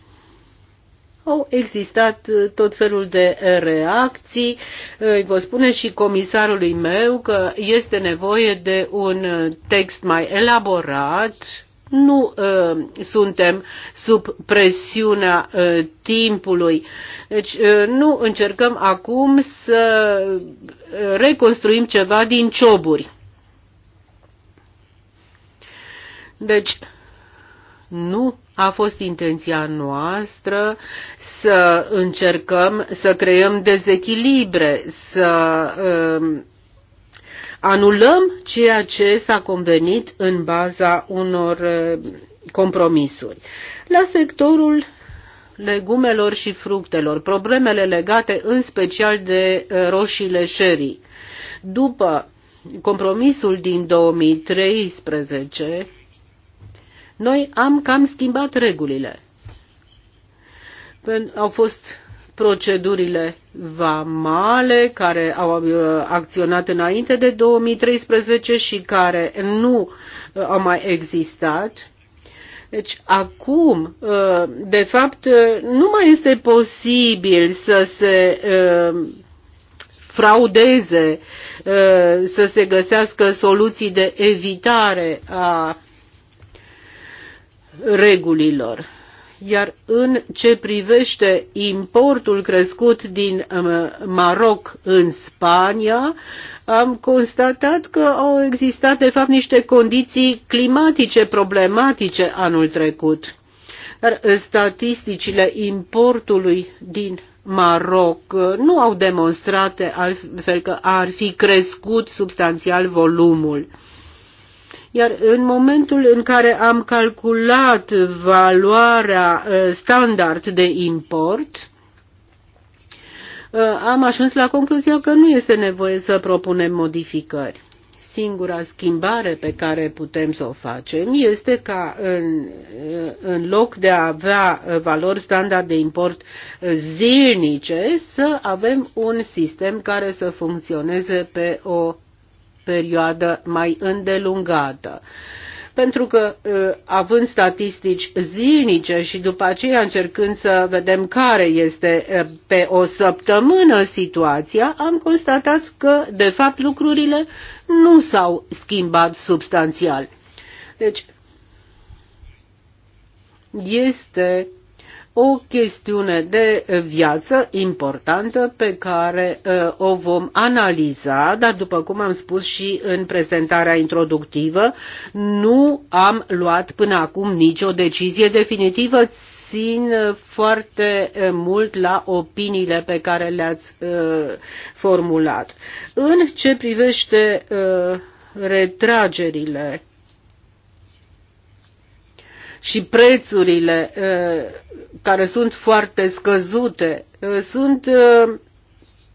au existat uh, tot felul de uh, reacții. Îi uh, vă spune și comisarului meu că este nevoie de un text mai elaborat. Nu uh, suntem sub presiunea uh, timpului. Deci uh, nu încercăm acum să reconstruim ceva din cioburi. Deci nu a fost intenția noastră să încercăm să creăm dezechilibre, să uh, anulăm ceea ce s-a convenit în baza unor uh, compromisuri. La sectorul legumelor și fructelor, problemele legate în special de uh, roșiile șerii. După compromisul din 2013, noi am cam schimbat regulile. Au fost procedurile vamale care au uh, acționat înainte de 2013 și care nu uh, au mai existat. Deci acum, uh, de fapt, nu mai este posibil să se fraudeze, să se găsească soluții de evitare a regulilor. Iar în ce privește importul crescut din uh, Maroc în Spania, am constatat că au existat de fapt niște condiții climatice problematice anul trecut. Dar uh, statisticile importului din Maroc uh, nu au demonstrat altfel că ar fi crescut substanțial volumul. Iar în momentul în care am calculat valoarea uh, standard de import, uh, am ajuns la concluzia că nu este nevoie să propunem modificări. Singura schimbare pe care putem să o facem este ca în, uh, în loc de a avea valori standard de import zilnice, să avem un sistem care să funcționeze pe o perioadă mai îndelungată pentru că ă, având statistici zilnice și după aceea încercând să vedem care este ă, pe o săptămână situația, am constatat că, de fapt, lucrurile nu s-au schimbat substanțial. Deci, este o chestiune de viață importantă pe care uh, o vom analiza, dar după cum am spus și în prezentarea introductivă, nu am luat până acum nicio decizie definitivă, țin uh, foarte uh, mult la opiniile pe care le-ați formulat. În ce privește retragerile și prețurile care sunt foarte scăzute sunt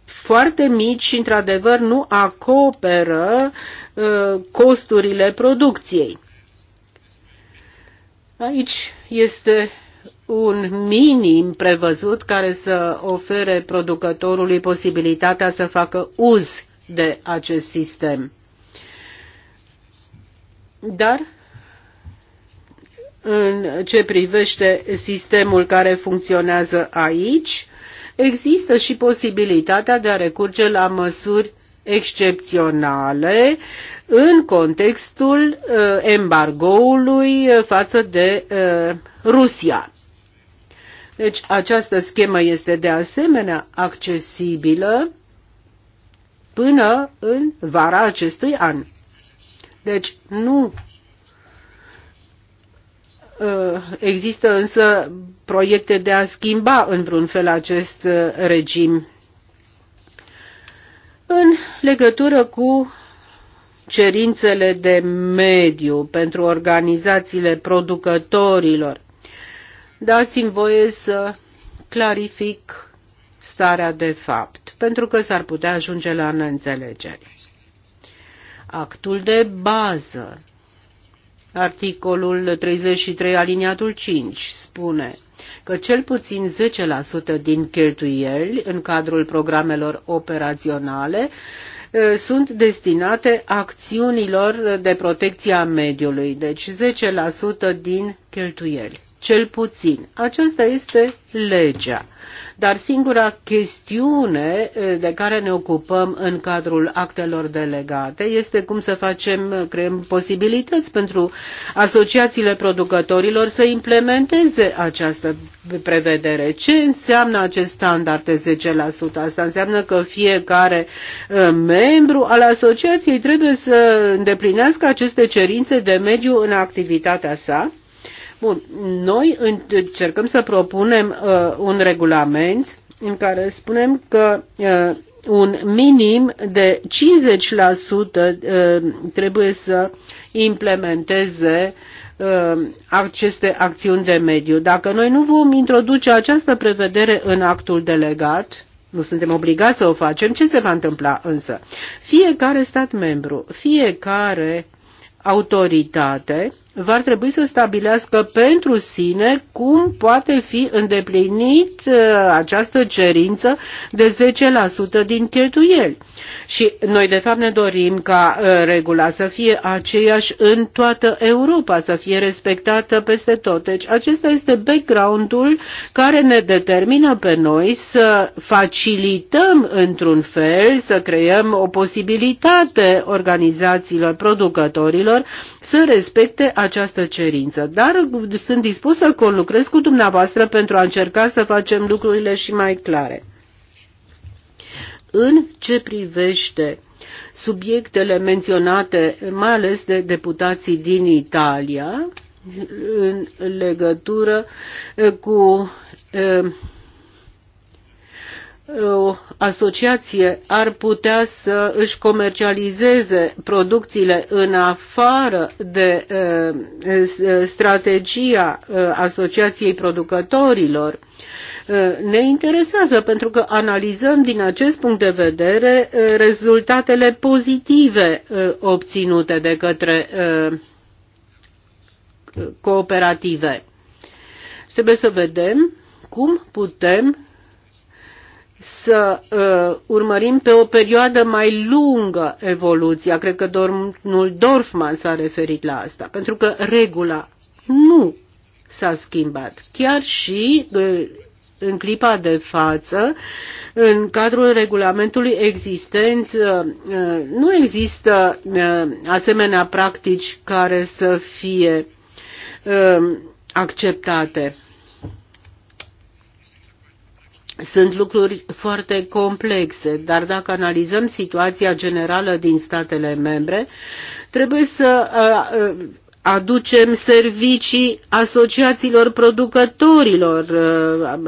foarte mici și într-adevăr nu acoperă costurile producției. Aici este un minim prevăzut care să ofere producătorului posibilitatea să facă uz de acest sistem. Dar în ce privește sistemul care funcționează aici, există și posibilitatea de a recurge la măsuri excepționale în contextul uh, embargoului uh, față de uh, Rusia. Deci această schemă este de asemenea accesibilă până în vara acestui an. Deci nu Uh, există însă proiecte de a schimba în vreun fel acest uh, regim. În legătură cu cerințele de mediu pentru organizațiile producătorilor, dați-mi voie să clarific starea de fapt, pentru că s-ar putea ajunge la neînțelegeri. Actul de bază Articolul 33 aliniatul 5 spune că cel puțin 10% din cheltuieli în cadrul programelor operaționale sunt destinate acțiunilor de protecție a mediului, deci 10% din cheltuieli cel puțin. Aceasta este legea. Dar singura chestiune de care ne ocupăm în cadrul actelor delegate este cum să facem, creăm posibilități pentru asociațiile producătorilor să implementeze această prevedere. Ce înseamnă acest standard de 10%? Asta înseamnă că fiecare membru al asociației trebuie să îndeplinească aceste cerințe de mediu în activitatea sa Bun, noi încercăm să propunem uh, un regulament în care spunem că uh, un minim de 50% uh, trebuie să implementeze uh, aceste acțiuni de mediu. Dacă noi nu vom introduce această prevedere în actul delegat, nu suntem obligați să o facem, ce se va întâmpla însă? Fiecare stat membru, fiecare autoritate va trebui să stabilească pentru sine cum poate fi îndeplinit uh, această cerință de 10% din cheltuieli. Și noi, de fapt, ne dorim ca uh, regula să fie aceeași în toată Europa, să fie respectată peste tot. Deci acesta este background-ul care ne determină pe noi să facilităm într-un fel, să creăm o posibilitate organizațiilor producătorilor să respecte această cerință, dar sunt dispus să conlucrez cu dumneavoastră pentru a încerca să facem lucrurile și mai clare. În ce privește subiectele menționate, mai ales de deputații din Italia, în legătură cu eh, o asociație ar putea să își comercializeze producțiile în afară de strategia asociației producătorilor, ne interesează pentru că analizăm din acest punct de vedere rezultatele pozitive obținute de către cooperative. Trebuie să vedem cum putem să uh, urmărim pe o perioadă mai lungă evoluția. Cred că domnul Dorfman s-a referit la asta, pentru că regula nu s-a schimbat. Chiar și uh, în clipa de față, în cadrul regulamentului existent, uh, uh nu există uh, asemenea practici care să fie uh, acceptate. Sunt lucruri foarte complexe, dar dacă analizăm situația generală din statele membre, trebuie să aducem servicii asociațiilor producătorilor,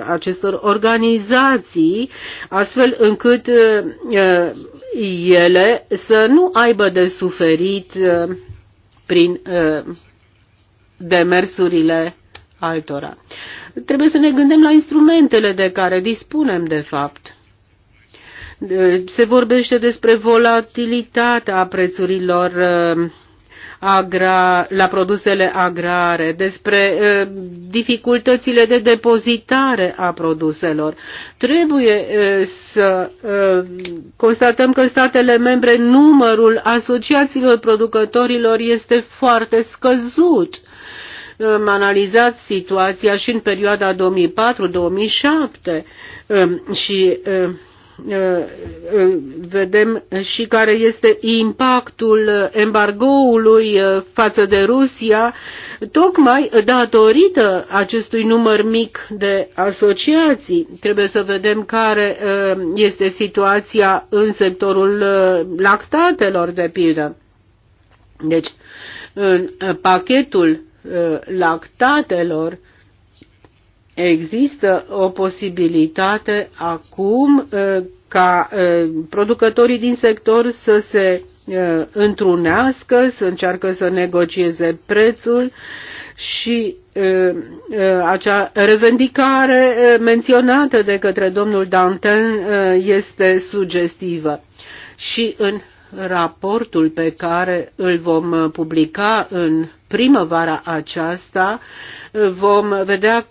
acestor organizații, astfel încât ele să nu aibă de suferit prin demersurile altora. Trebuie să ne gândim la instrumentele de care dispunem, de fapt. Se vorbește despre volatilitatea prețurilor uh, agra, la produsele agrare, despre uh, dificultățile de depozitare a produselor. Trebuie uh, să constatăm că în statele membre numărul asociațiilor producătorilor este foarte scăzut. Am analizat situația și în perioada 2004-2007 um, și um, uh, uh, vedem și care este impactul embargoului uh, față de Rusia, tocmai datorită acestui număr mic de asociații. Trebuie să vedem care este situația în sectorul lactatelor, de pildă. Deci, în pachetul Uh, lactatelor, există o posibilitate acum uh, ca uh, producătorii din sector să se întrunească, să încearcă să negocieze prețul și acea revendicare menționată de către domnul Danten este sugestivă. Și în raportul pe care îl vom publica în primăvara aceasta vom vedea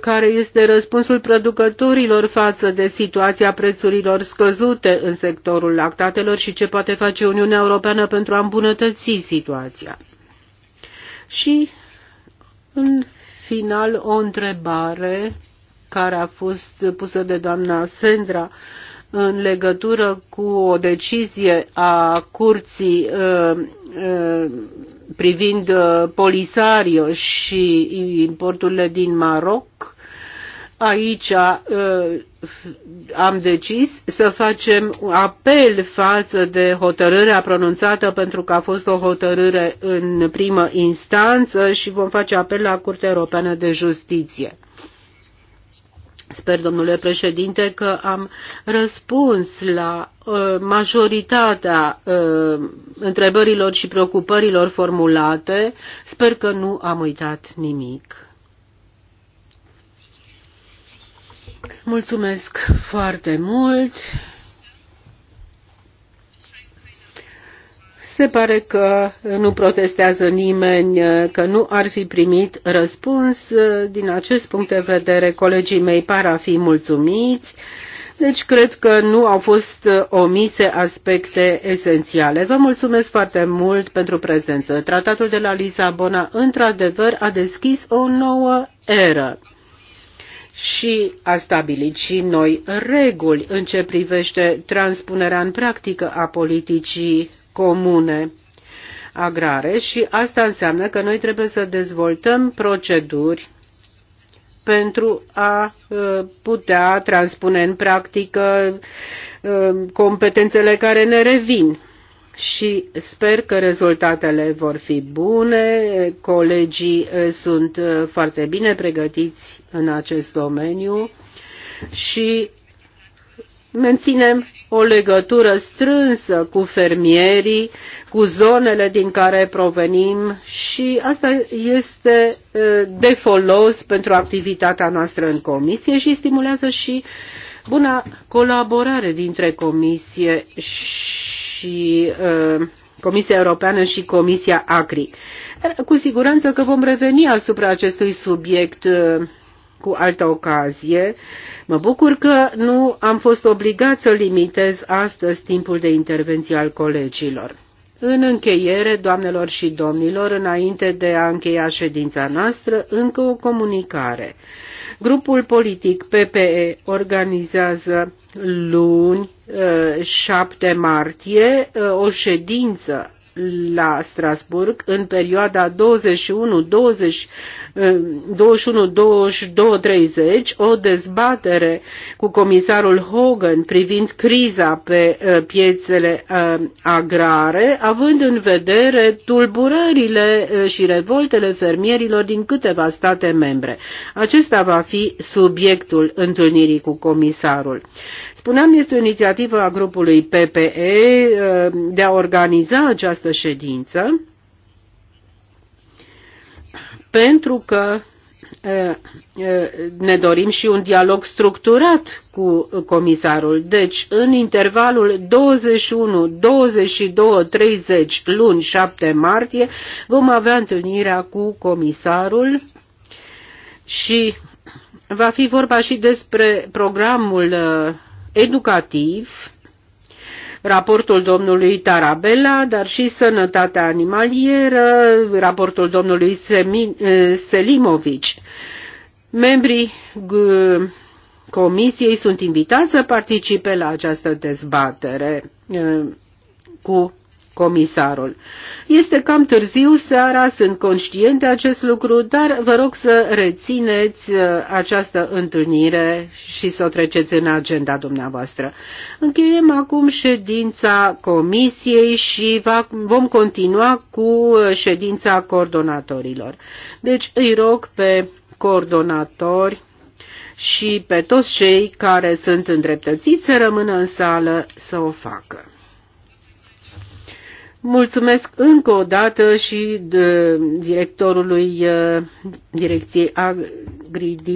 care este răspunsul producătorilor față de situația prețurilor scăzute în sectorul lactatelor și ce poate face Uniunea Europeană pentru a îmbunătăți situația. Și în final o întrebare care a fost pusă de doamna Sandra în legătură cu o decizie a Curții uh, uh, privind uh, Polisario și importurile din Maroc, aici uh, am decis să facem apel față de hotărârea pronunțată pentru că a fost o hotărâre în primă instanță și vom face apel la Curtea Europeană de Justiție. Sper, domnule președinte, că am răspuns la uh, majoritatea uh, întrebărilor și preocupărilor formulate. Sper că nu am uitat nimic. Mulțumesc foarte mult. Se pare că nu protestează nimeni, că nu ar fi primit răspuns. Din acest punct de vedere, colegii mei par a fi mulțumiți. Deci cred că nu au fost omise aspecte esențiale. Vă mulțumesc foarte mult pentru prezență. Tratatul de la Lisabona, într-adevăr, a deschis o nouă eră și a stabilit și noi reguli în ce privește transpunerea în practică a politicii comune agrare și asta înseamnă că noi trebuie să dezvoltăm proceduri pentru a uh, putea transpune în practică uh, competențele care ne revin. Și sper că rezultatele vor fi bune, colegii uh, sunt foarte bine pregătiți în acest domeniu și menținem o legătură strânsă cu fermierii, cu zonele din care provenim și asta este de folos pentru activitatea noastră în comisie și stimulează și buna colaborare dintre comisie și Comisia Europeană și Comisia Agri. Cu siguranță că vom reveni asupra acestui subiect cu altă ocazie. Mă bucur că nu am fost obligat să limitez astăzi timpul de intervenție al colegilor. În încheiere, doamnelor și domnilor, înainte de a încheia ședința noastră, încă o comunicare. Grupul politic PPE organizează luni 7 uh, martie uh, o ședință la Strasburg în perioada 21-22 21-22-30 o dezbatere cu comisarul Hogan privind criza pe uh, piețele uh, agrare, având în vedere tulburările uh, și revoltele fermierilor din câteva state membre. Acesta va fi subiectul întâlnirii cu comisarul. Spuneam, este o inițiativă a grupului PPE de a organiza această ședință pentru că ne dorim și un dialog structurat cu comisarul. Deci, în intervalul 21, 22, 30, luni 7 martie, vom avea întâlnirea cu comisarul și va fi vorba și despre programul educativ raportul domnului Tarabella, dar și sănătatea animalieră, raportul domnului eh, Selimovici. Membrii eh, comisiei sunt invitați să participe la această dezbatere eh, cu comisarul. Este cam târziu seara, sunt conștient de acest lucru, dar vă rog să rețineți uh, această întâlnire și să o treceți în agenda dumneavoastră. Încheiem acum ședința comisiei și va, vom continua cu uh, ședința coordonatorilor. Deci îi rog pe coordonatori și pe toți cei care sunt îndreptățiți să rămână în sală să o facă. Mulțumesc încă o dată și directorului uh, Direcției Agridi.